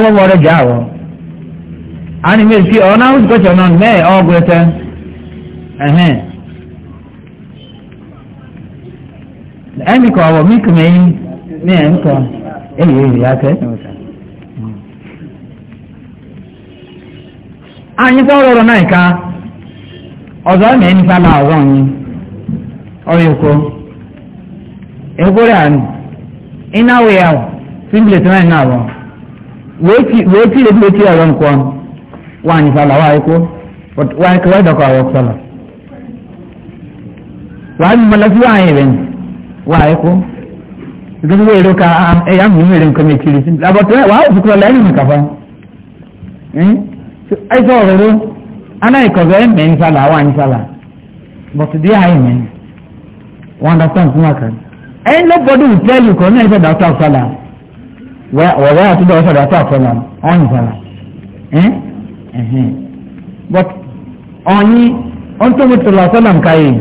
ń wọlé ẹ̀hẹ́n ẹnì kan ọ̀wọ̀ mí kùmẹ̀ yín ní ẹ̀ ń kọ èyí èyí àtẹ. anyị sọ ọrụ na nka ọzọ na enyifa na ọzọ anyị ọyọkọ ekwere anyị ịnawe ya singlet na ịna abụọ wee tiri ebulechi ọzọ nkwọ nwaanyị sala nwaanyị kwụ nwaanyị kọwa dọkọ ọyọkọ sala wàá ní mọ̀lẹ́bí wà yẹn rẹ̀ wà ẹ̀ kó ìdúró wo èrò ka um, ẹ̀yà mi mi rè nǹkan mi kiri sí labatọ́ ẹ̀ wàá òfin kúrọ̀ lẹ́yìn mi kàfa ẹ̀ sọ ọ̀rọ̀ ló anáyìkọ̀bẹ́ mẹ́ ń sálà wà ń sálà but they are in wọ́n understand fún wa kan ẹ̀ nobody will tell you kọ́ ní ẹ̀sẹ̀ dàtọ̀ àfọlà wọ̀wẹ́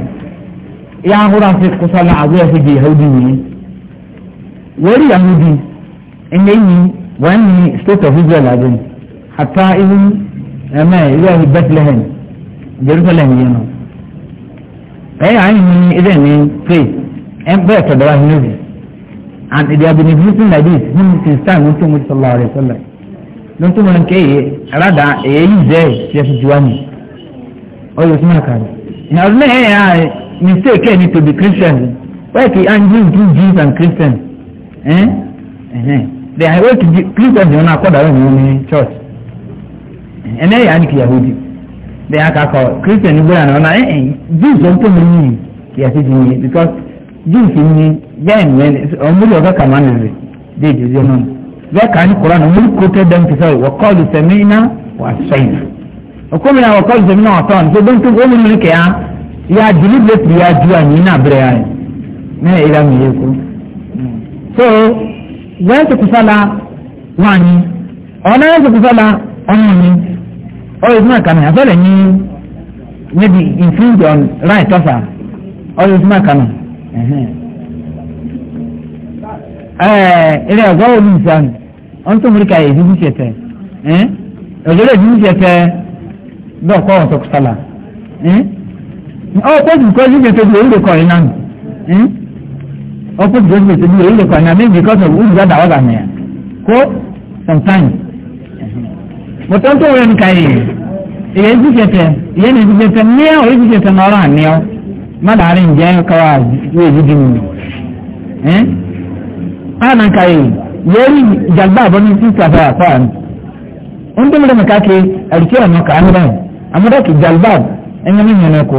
ya hura sai kusa la abu ya fi je haudi ne wari yahudi in yi wani state of israel abin hatta izin mai zuwa bethlehem jerusalem yana kai a yi ni idan ne faith and prayer to the right and they have been existing like this since time when too much sallallahu alaihi wasallam don tuma nan kai rada e yi zai sai su juwa ni o eh, yi suna kare ina zuwa ne mistake ẹ̀ ní to be christian why to angry do Jesus and christians eh? eh they are way to be christians yẹn náà kọ́dà wọ́n mú ní church ẹ̀ náà yà á ní kí yahudi they are kakọ christian ní gbọ́dọ̀ náà ẹ̀ ẹ̀ jews ló ń tó mi yìí kì í ṣe ti yìí because jews ní bẹ́ẹ̀ ni ọmọdé ọ̀gá kàmánà rẹ̀ dé ìdíje náà bẹ́ẹ̀ kà á ní koran ọmọdé kó tẹ́ dẹ́m ti sọ wọ́n kọ́ lu sẹ́mínà wà sẹ́yìn ọkọ mi náà wọ́n kọ́ lu sẹ́mínà wà sọ́ọ̀nù tó dẹ́m tó gbọ́ mi nìkẹ́ yá ya deliberately ya juwa ni na bere ya ne ila mi yeku so wese kusala wani ona wese kusala ona ni o oh, yezuma kana ya fele ni maybe infringe on right ofa o oh, yezuma kana eh ile ọgbọ wo ni nsan ọ̀n tó mìíràn yìí ìdíjú ṣe tẹ ọ̀jọ̀lẹ̀ ìdíjú ṣe tẹ bẹ́ẹ̀ kọ́ ọ̀tọ̀ kusala. Eh? ọ̀pọ̀jù kọ́ yíyẹ tó di orílẹ̀ kọ́ iná nù ọ̀pọ̀jù kọ́ yíyẹ tó di orílẹ̀ kọ́ iná mi because of wúlùú gbàdá ọ̀gá mi kó sometimes bọ̀tọ́ tó wẹ̀ nìkan yìí ìyẹn ti tẹ̀tẹ̀ ìyẹn ti tẹ̀tẹ̀ mìíràn orí ti tẹ̀tẹ̀ náà ọ̀rọ̀ àníọ́ mọ́dàárín ìjẹ́ kọ́wà wíwèé dídì mi ana kai yeri jalba bani sisa fa fa on dum da makake alkiya maka an ba amma da ki jalba an yi ne ko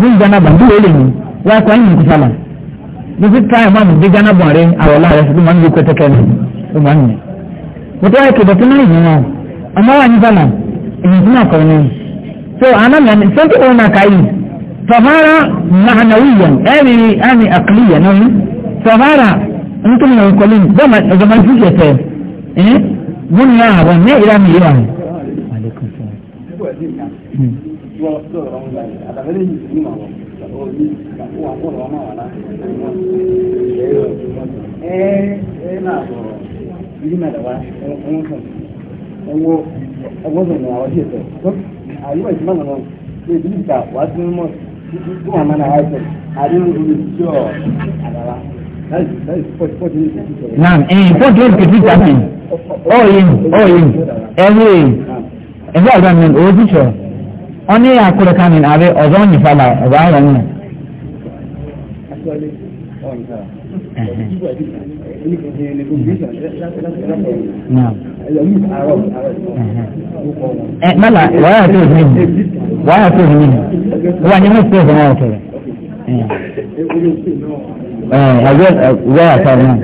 bí ìjànàbà bí wọ́n lè ní wọ́n akọ ẹ̀yìn ìkúsàlà bíbí táyà máa mú bí ìjànàbà rẹ àwọ̀lá rẹ ló máa ń gbé pẹ́tẹ́kẹ́ rẹ ló máa ń yẹ. wọ́tọ́ ẹ̀ kìdọ̀tí náà yìí náà ọmọ wa ní sàlà èyí tí náà kọ́ ní. so àná mi àná sẹ́ńtì òun náà káyì sọ̀fàrà mahanawiyan ẹ̀rí àmì àkìlíyà náà sọ̀fàrà nítorí náà kọ́lé bọ́ọ̀mà ọ̀dọ́mọ wọ́n lọ sọ́dọ̀ ọ̀rọ̀ wọn báyìí àtàlẹ́ yìí sì ní màá wọ̀ ó ní ìyàwó wa kọ́ lọ́wọ́ máa wà láti ẹ ẹ náà bọ̀ yìí náà dàgbà ẹ̀wọ̀n kan ẹ̀wọ̀ ẹ̀wọ̀ sọ̀rọ̀ àwọn tí ì sọ̀ àyùbá ìsìnkú àwọn ọ̀rọ̀ ṣe ìdílé ìta wà á tún mọ̀ tí wọ́n máa náà wá ẹ̀sẹ̀ àdéhùn olùdíjọ́ àdàlà naam ee forty eight fifty seven ọ̀yin ọ̀yin ẹ̀wé ẹ̀fọ́ àgbà mi ò ti sọ̀rọ̀ ọní àkúrẹ́ kánì àbí ọ̀dọ́ nìfàlà ọ̀bá ọ̀rọ̀ nù. ẹ mẹ́la wáyà tó o níbi wáyà tó o níbi wọ́n ní wọ́n tó o fún wọn ọ̀tọ̀ rẹ̀. ẹgbẹ́ wáyà tó o náà.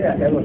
Yeah, that was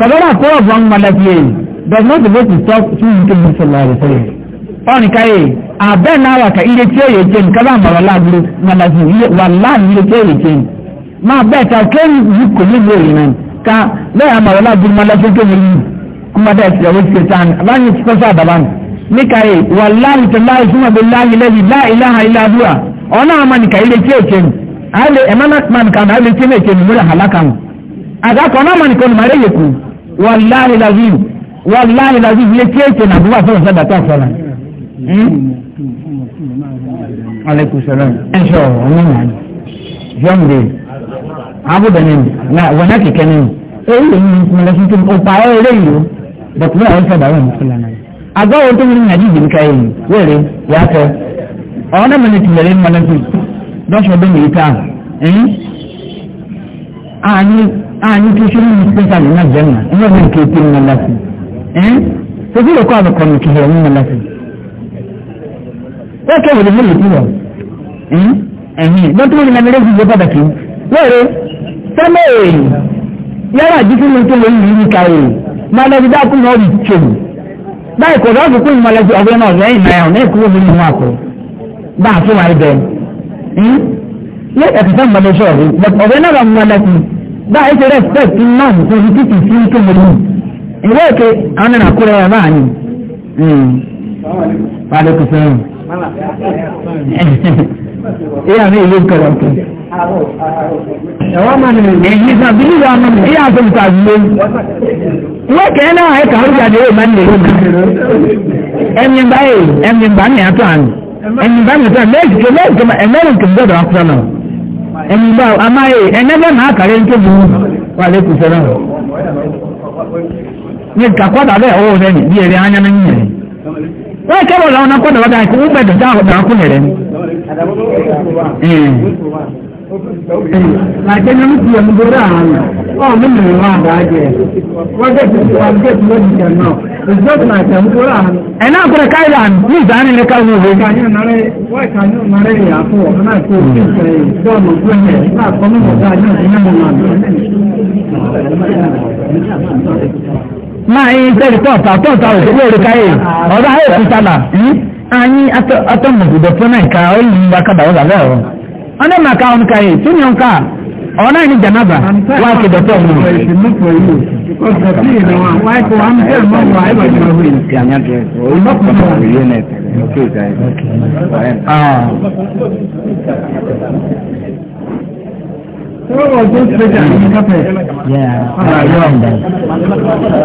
kọ̀dọ́rà kó ọ̀bọ̀n malafiye does not the way to stop to nke bí sọ̀rọ̀ àrẹ sọ̀rọ̀ ọ̀nì káyé abẹ́ náà wà ká ilé tí ó yẹ jẹun kábà mọ̀rọ̀ láàbúrò malafiye wà láàbù ilé tí ó yẹ jẹun máa bẹ́ẹ̀ ta kéwì yìí kò ní ìlú òyìnbó ká bẹ́ẹ̀ mọ̀rọ̀ láàbúrò malafiye kéwì yìí kúmọdé ẹ̀sìn ọ̀wé ti ṣe àbáyé ti kọ́ sáà bàbá mi ní káyé wà láàbù tó láàyè súnmọ́ bí láàyè lẹ́yìn láìláha ilá wàláhì lazim wàláhì lazim ilé tí èsè nà búwà fún ìfẹ́ bàtà sọ̀rọ̀. aleykum salaam. ẹ sọ ọ̀hún náà john day abudani na wọnà kẹkẹ hmm? eh, ni èyí lè ní mọlẹsí tó ọpa ẹ eléyìí o bàtú náà wọn sábà wọn fúnra náà. agbáwo tó ní nàìjíríà ìdìbò ká yìí wéèrè yàá tẹ ọ̀hún náà mọ̀lẹ́ tìlẹ̀lẹ́ mọ̀lẹ́sí lọ́sọ̀ọ́ bẹ́ẹ̀ nìyí ká àní a ah, ní kí ṣe ní special ní àjẹmà ní ọdún kéèké ní ọlásì ẹ́n tó bí lókọ́ àbùkọ́ ní kìlọ̀ ní ọlásì ó kéwòn ní mélòó kúrò ẹ̀hìn lọ́tún ní nàmẹ́rẹ́ ìgbé pàtàkì lóore sẹ́mẹ̀ èèyàn yàrá àdìsí ní tó lóyún yìí ká èèyàn máa lọ sí dákú náà rí tòun báyìí kò dáàbò kún ìmọ̀ lẹ́sí ọ̀gbẹ́ náà lẹ́yìn náà ọ̀nà ìkúrò mi nínú àpò bá a fún wa ibẹ̀ ní ẹ̀kẹ́sẹ̀ mọ̀lẹ́sọ̀rọ̀ ọ̀gbẹ́ náà lọ mọ̀ lẹ́sí bá ẹ ti respect náà kò ní títì sí tó mo ní ìwé èké àwọn ènìyàn kúrẹ́ ẹ̀ máa ní. Wàlẹ́ kò sẹ́yìn. Ìyá mi ìlú kọ̀rọ̀ ọ̀kẹ́. Ẹ̀wọ́n máa ní èyí sàn bí ìyá ọmọ mi ìyá àti ìta gbé. Ìwé èké náà ẹ̀ka oríṣi àdéhùn ìmọ̀ ní èyí náà. Ẹ̀mí báyìí ẹ̀mí bá ní àtọ̀ àná. Ẹ̀mí bá ní àtọ̀ àná. Mẹ́rin kì í mẹ́rin kì í gbọ́dọ̀ àkúrọ̀ ẹni bá amáyé ẹnẹ́gbẹ́ máa kàrẹ́ tó burú wà lẹ́kùn sẹ́rẹ̀ rẹ̀ ní kàkọ́dà bẹ́ẹ̀ owó rẹ̀ ní bí èrè ányá ní yẹn wọ́n kẹ́wọ̀ làwọn akọ́dà wọ́n dáa kó gbẹ̀dọ̀ dáa ọ̀dà akúnlẹ̀ rẹ̀ Làjẹ́ ní oríṣi ẹ̀mú lórí àárín, ọ̀ mí nìyẹn wá àbájẹ́. Wọ́n gẹ̀ẹ́sì wọ́n gẹ̀ẹ́sì lórí ìjà náà. Ìjọ́sìn làjẹ́ ẹ̀mú lórí àárín. Ẹ̀ náà kúrẹ̀ káyọ̀ ní ìdáni ní káwọn òwe. Ìkànnì ọ̀nàrẹ́ wọ́n ìkànnì ọ̀nàrẹ́ ìyàpọ̀ ọ̀nà ìkó òfin ìfẹ́ ìjọ́ọ̀mù gbẹ̀mẹ̀ nígbà kan mọ̀ ọ̀gá ní ọ̀nà máa yín sẹ́ni tọ́ta tọ́ta òṣèlú òrìkáyè ọ̀dọ́ ayé òkúta là ń ayín atọ́mọ̀gbọ̀dọ̀ fún náà ìka ó lè ń bá kábàá ọ̀gá bẹ́ẹ̀ rọ ọ̀nà màkà ọ̀nkà yìí tí ni ọ̀nkà ọ̀nà ní janaba wà á kéde tó ọ̀nà. Ah.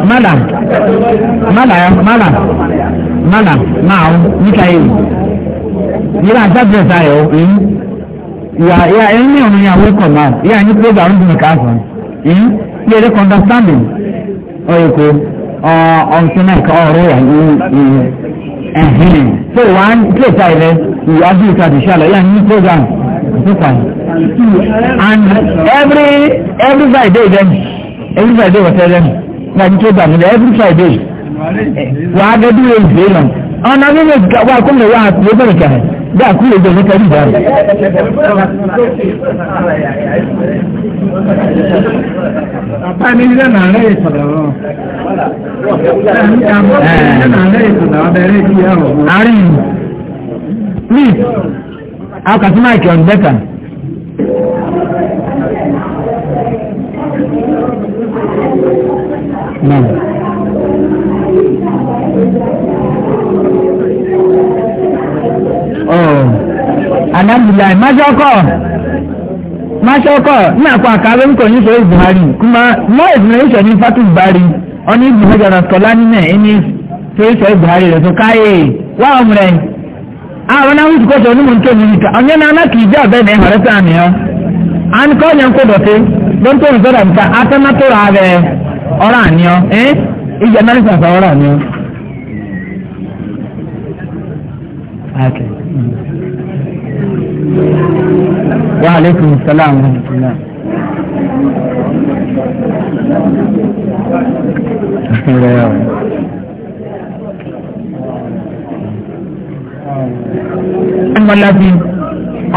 Madam, madam, madam, madam, now, Mikael, you are just a ya ya ẹni ọ̀nà yà wí kọ̀ náà yà ẹni pé bàrún bí understanding. fún un yìí lè kọ́ndàstandìn ọ̀yẹ̀ kò ọ̀nkí náà kọ́ ọ̀rọ̀ yà ní ẹ̀hìn tó wà á tó ta ilẹ̀ ìyá bí ìta ti ṣàlẹ̀ yà ní program nípa and every every friday then every friday wọ́n tẹ́lẹ̀ ní àti program ní every friday wà á gẹ́gẹ́ bí èyí lè lọ ọ̀nà mímu wà kúndùn wà á tó bẹ̀rẹ̀ kẹ́hìn da ku da jama'a kari ba apa ni ila na ara ifadawo ila na ara ifadawo bere ki ya o ari please how can my can alhamdulilayi masoko masoko ní àpò àkàwé nkò ní sọ́yìn buhari kuma more explanation ní fatu buhari ọ̀nà ìgbìmọ̀ ìjọba sọ̀lá na ẹni sọ́yìn sọ́yìn buhari rẹ̀ tó káyé wá wa rẹ̀ àwọn náà wùsù kọ́sọ̀ onímọ̀ nkè mi nìkan ọ̀nyẹ́ náà náà kì í jẹ́ ọ̀bẹ wa aleykum salaam wa rahmatulah. Mọ̀láfin,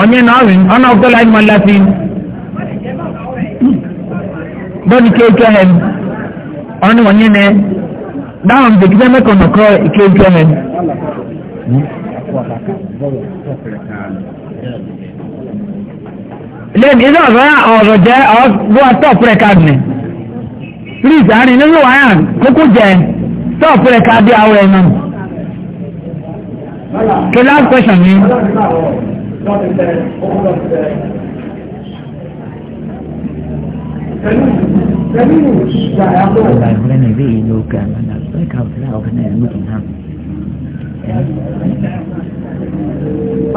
ọ̀nyẹ́ náà rìn, ọ̀nà ọ̀gọ́lá mọ̀láfin. Bọ́ọ̀ni kéèké hẹ́n, ọ̀nà wọ̀nyẹ́ nẹ́, dáhùn dèkìtẹ́ mẹ́kọ̀ọ́ nọ̀kọ́ kéèké hẹ́n lẹ́yìn iná ọ̀sán ọ̀rọ̀ jẹ́ ọgbọ́n top record ni please àárín nínú wáyà kókó jẹ top record bí awọ ẹ̀nà kí last question ni. Thank you. Ehhhh,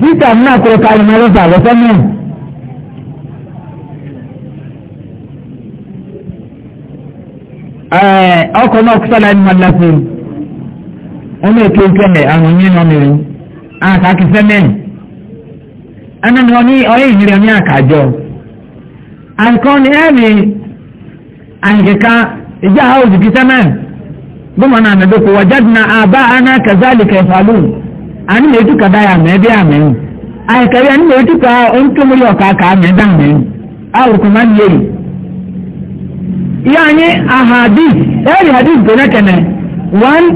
this am na-akwai okwa Aloma Roser, what's on the name? Ehh, okonokosala in mallafin, o meke oke me and women omere and Pakistan men. Ananiho ní orinzire Angeka ija hao zikita man na na doko wajadna aba'ana kazalika yafalun ani me tuka daya me bi ai kai ani me tuka on to muri oka ka me dan me al kuma yeri yani ahadith yani hadith gona kene one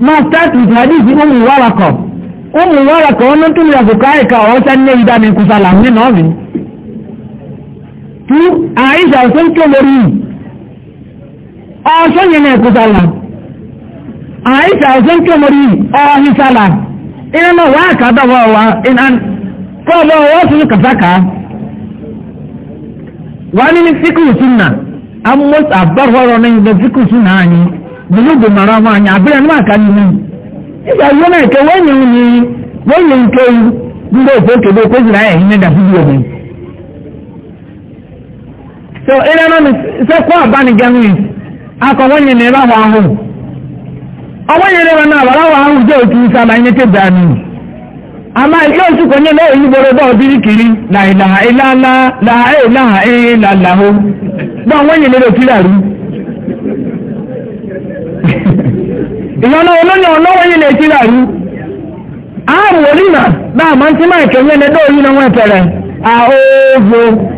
ma start with hadith umu waraka umu waraka on to muri oka ka o tan ne ida me kusala me no mi tu aisha sun to muri ọ̀sán yẹn náà kú sálà àìsà ọ̀sán tó mọ̀rí ọ̀hìn sálà iná náà wà ká dọ̀wọ́ wa iná kọ́ ọ̀bọ̀ ọwọ́ sunu kàfàkà wọ́n ní fíkùrù sunna amúmọ́ àbáwọ̀rọ̀ náà yìí fíkùrù sunna ààyè nínú gbòmọ̀rọ̀ àwọn àyè àbúrẹ́ ní màkà nínú ìgbà yóò náà ké wọ́n yẹn ní wọ́n yẹn ké ndé òfò kébé ní dàbí bí omi. so iná náà sẹ́kọ̀ọ́ àbánigẹ́nu yìí akọ wọn nyere ahụ ahụ ọwọ nyere ebe na-abara ahụ ahụ dị otu nsa na ihe tebe anyị ama ihe otu na-eyi gboro bọọ dịrị kiri na ilaha ilala na ilaha ilalahụ bụ ọnwa nyere okiri arụ yìí bá máa náà wọ́n pẹ̀rẹ̀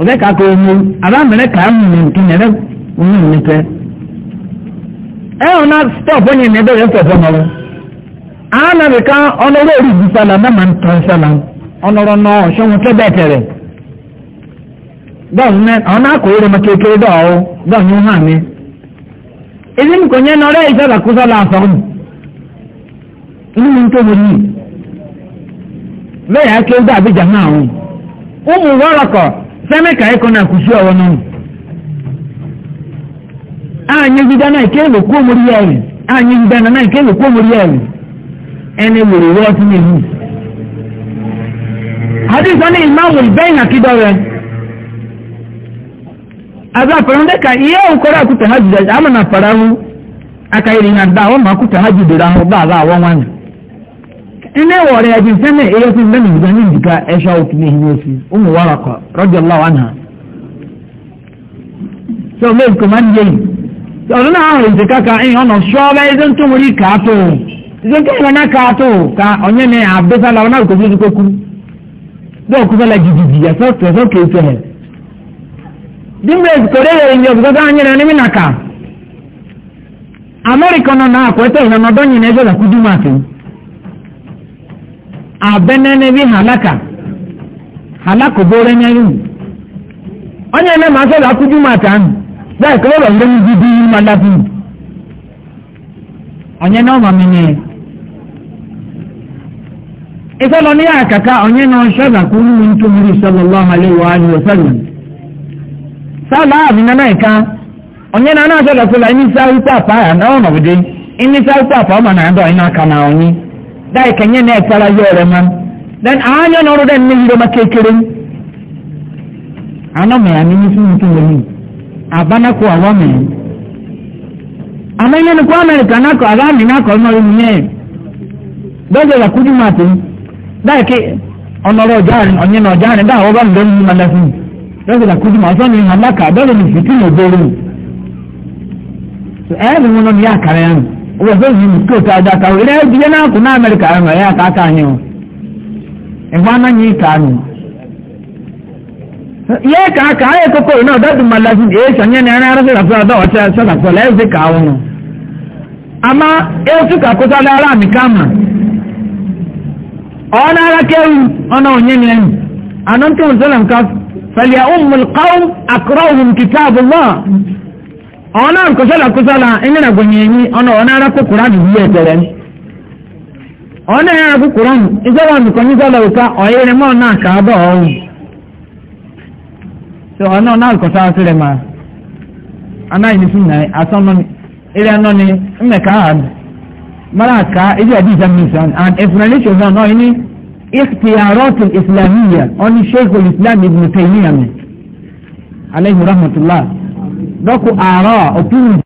ọ̀gẹ́ kakọ omi abamẹ́rẹ́ kàá mú mi nkí nẹ́rẹ́ omi mi pẹ́. ẹ ọ̀nà stọp onye na yẹ fọ̀fọ̀ nọrọ. anabi ka ọnọrọ orí ìbúsálà mẹ́ma ń tọ́ sálà ọnọrọ nọ ọ̀ṣọ́wọ́n tẹ́ bẹ́ẹ̀ tẹ̀rẹ̀. dọ́ọ̀ mẹ́ ọ̀n náà kò yẹrẹ mọ́tò kékeré hàn èyí kò sẹ́mi kàí kan náà kùsù àwọn náà ààyè gbígbá náà ìké èlò kú òmórí yá rẹ̀ ààyè gbígbá náà ìké èlò kú òmórí yá rẹ̀ ẹni wòrò wọ́ sí mi yìí. na ní ìmáwò ìbẹ́yìn àkídọ́ rẹ̀ àbí àpẹrẹ àkútà hajj nà àkàyèrè àwọn màkútà hajj dèrè àwọn bá àbá àwọn ilé wọ̀rẹ̀ ẹ̀dín sẹ́nẹ̀ ẹ̀yẹ́ fún bẹ́ẹ̀ nìgbà ní ìdíkà ẹ̀ṣọ́ òkìní ìhìn òsì ọmọ wa rakọ rọ́jò lọ́wọ́ àná. sọ wọ́n kò máa ń yẹ yìí ọ̀rọ̀ náà àwọn ìṣe kàkà ẹ̀yìn ọ̀nà ṣọ́ọ́bẹ̀ ẹ̀ṣẹ̀ tó wọlé kàátó ẹ̀ṣẹ̀ tó wọlé ka ọ̀nyẹ́ ní abẹ́sálà ọ̀nà òkòtò abenene bi halaka halaka obore nyanyu onye na ma sọrọ akụju mata ahụ bẹẹ kọ lọrọ ndị ndị dị ihe ma dapụ onye na ọma mmiri ịsọlọ ní àkàkà onye na ọsọdọ akwụrụ m ntụmiri sọlọ lọọ Halị wa ahụ ọsọlọ sọlọ ahụ nana ịka onye na ana-asọdọ sọlọ ịnị saa ukwu apa ya na ọ nọbụdị ịnị saa ukwu apa ọ ma na-adọ ịnị aka na onye. dai kan yana ya fara yore man dan an yana ro dan ni do makekere ana me ani ni sun tun ni abana ko awa me amanya ni kwa america na ko aga ni na ko no ni ne dojo la kuju mate dai ke onoro jan onye no jan da o ba ndo ni mala fun dojo la kuju ma so ni halaka dojo ni fitin o boru so eh ni mo no ni akara yan eh wọ́n yìí ní kóòtù àdàkà wọ́n ẹ̀rẹ́ ìdílé náà kù ní amẹ́ríkà ẹ̀rọ ẹ̀yà kàkà ni o ẹ̀fọn náà yìí kà nù. yẹ kàkà ayé kókó yìí náà dọ́dún malasi èyí sọ̀nyẹ́ ni ẹ̀rẹ́ arásẹ̀ ọ̀dọ́ ọ̀tẹ́ sọ̀tàfẹ́ lẹ́sẹ̀ kà wọn. àmà ètò kàkóso alẹ́ ara mi kàmà ọ̀nà ara kẹ́rù ọ̀nà ònyẹ́ ni ẹ̀yìn àná tó ń sọ̀rọ̀ nǹkan fẹ̀lẹ́ ọ̀nà nkọ́sọ́là kọ́sọ́là ẹ̀yìnrà gbọ̀nyẹ̀yìn ọ̀nà ọ̀nà arákò kùránì yìí ẹ̀tẹ̀rẹ̀ ni ọ̀nà ẹ̀yà arákò kùránì ìjọba nìkan ní sọ́là òkà ọ̀yẹ́rẹ́ mọ́ náà kàábọ̀ ọ̀hún so ọ̀nà ọ̀nà nkọ́sọ́là sílẹ̀ máa anáyìn fún náà asọ́nà ilẹ̀ ẹ̀nà and ní ikhtiyarot islamiyya ọ̀ni sheikh dɔku aarɔ o tuuru.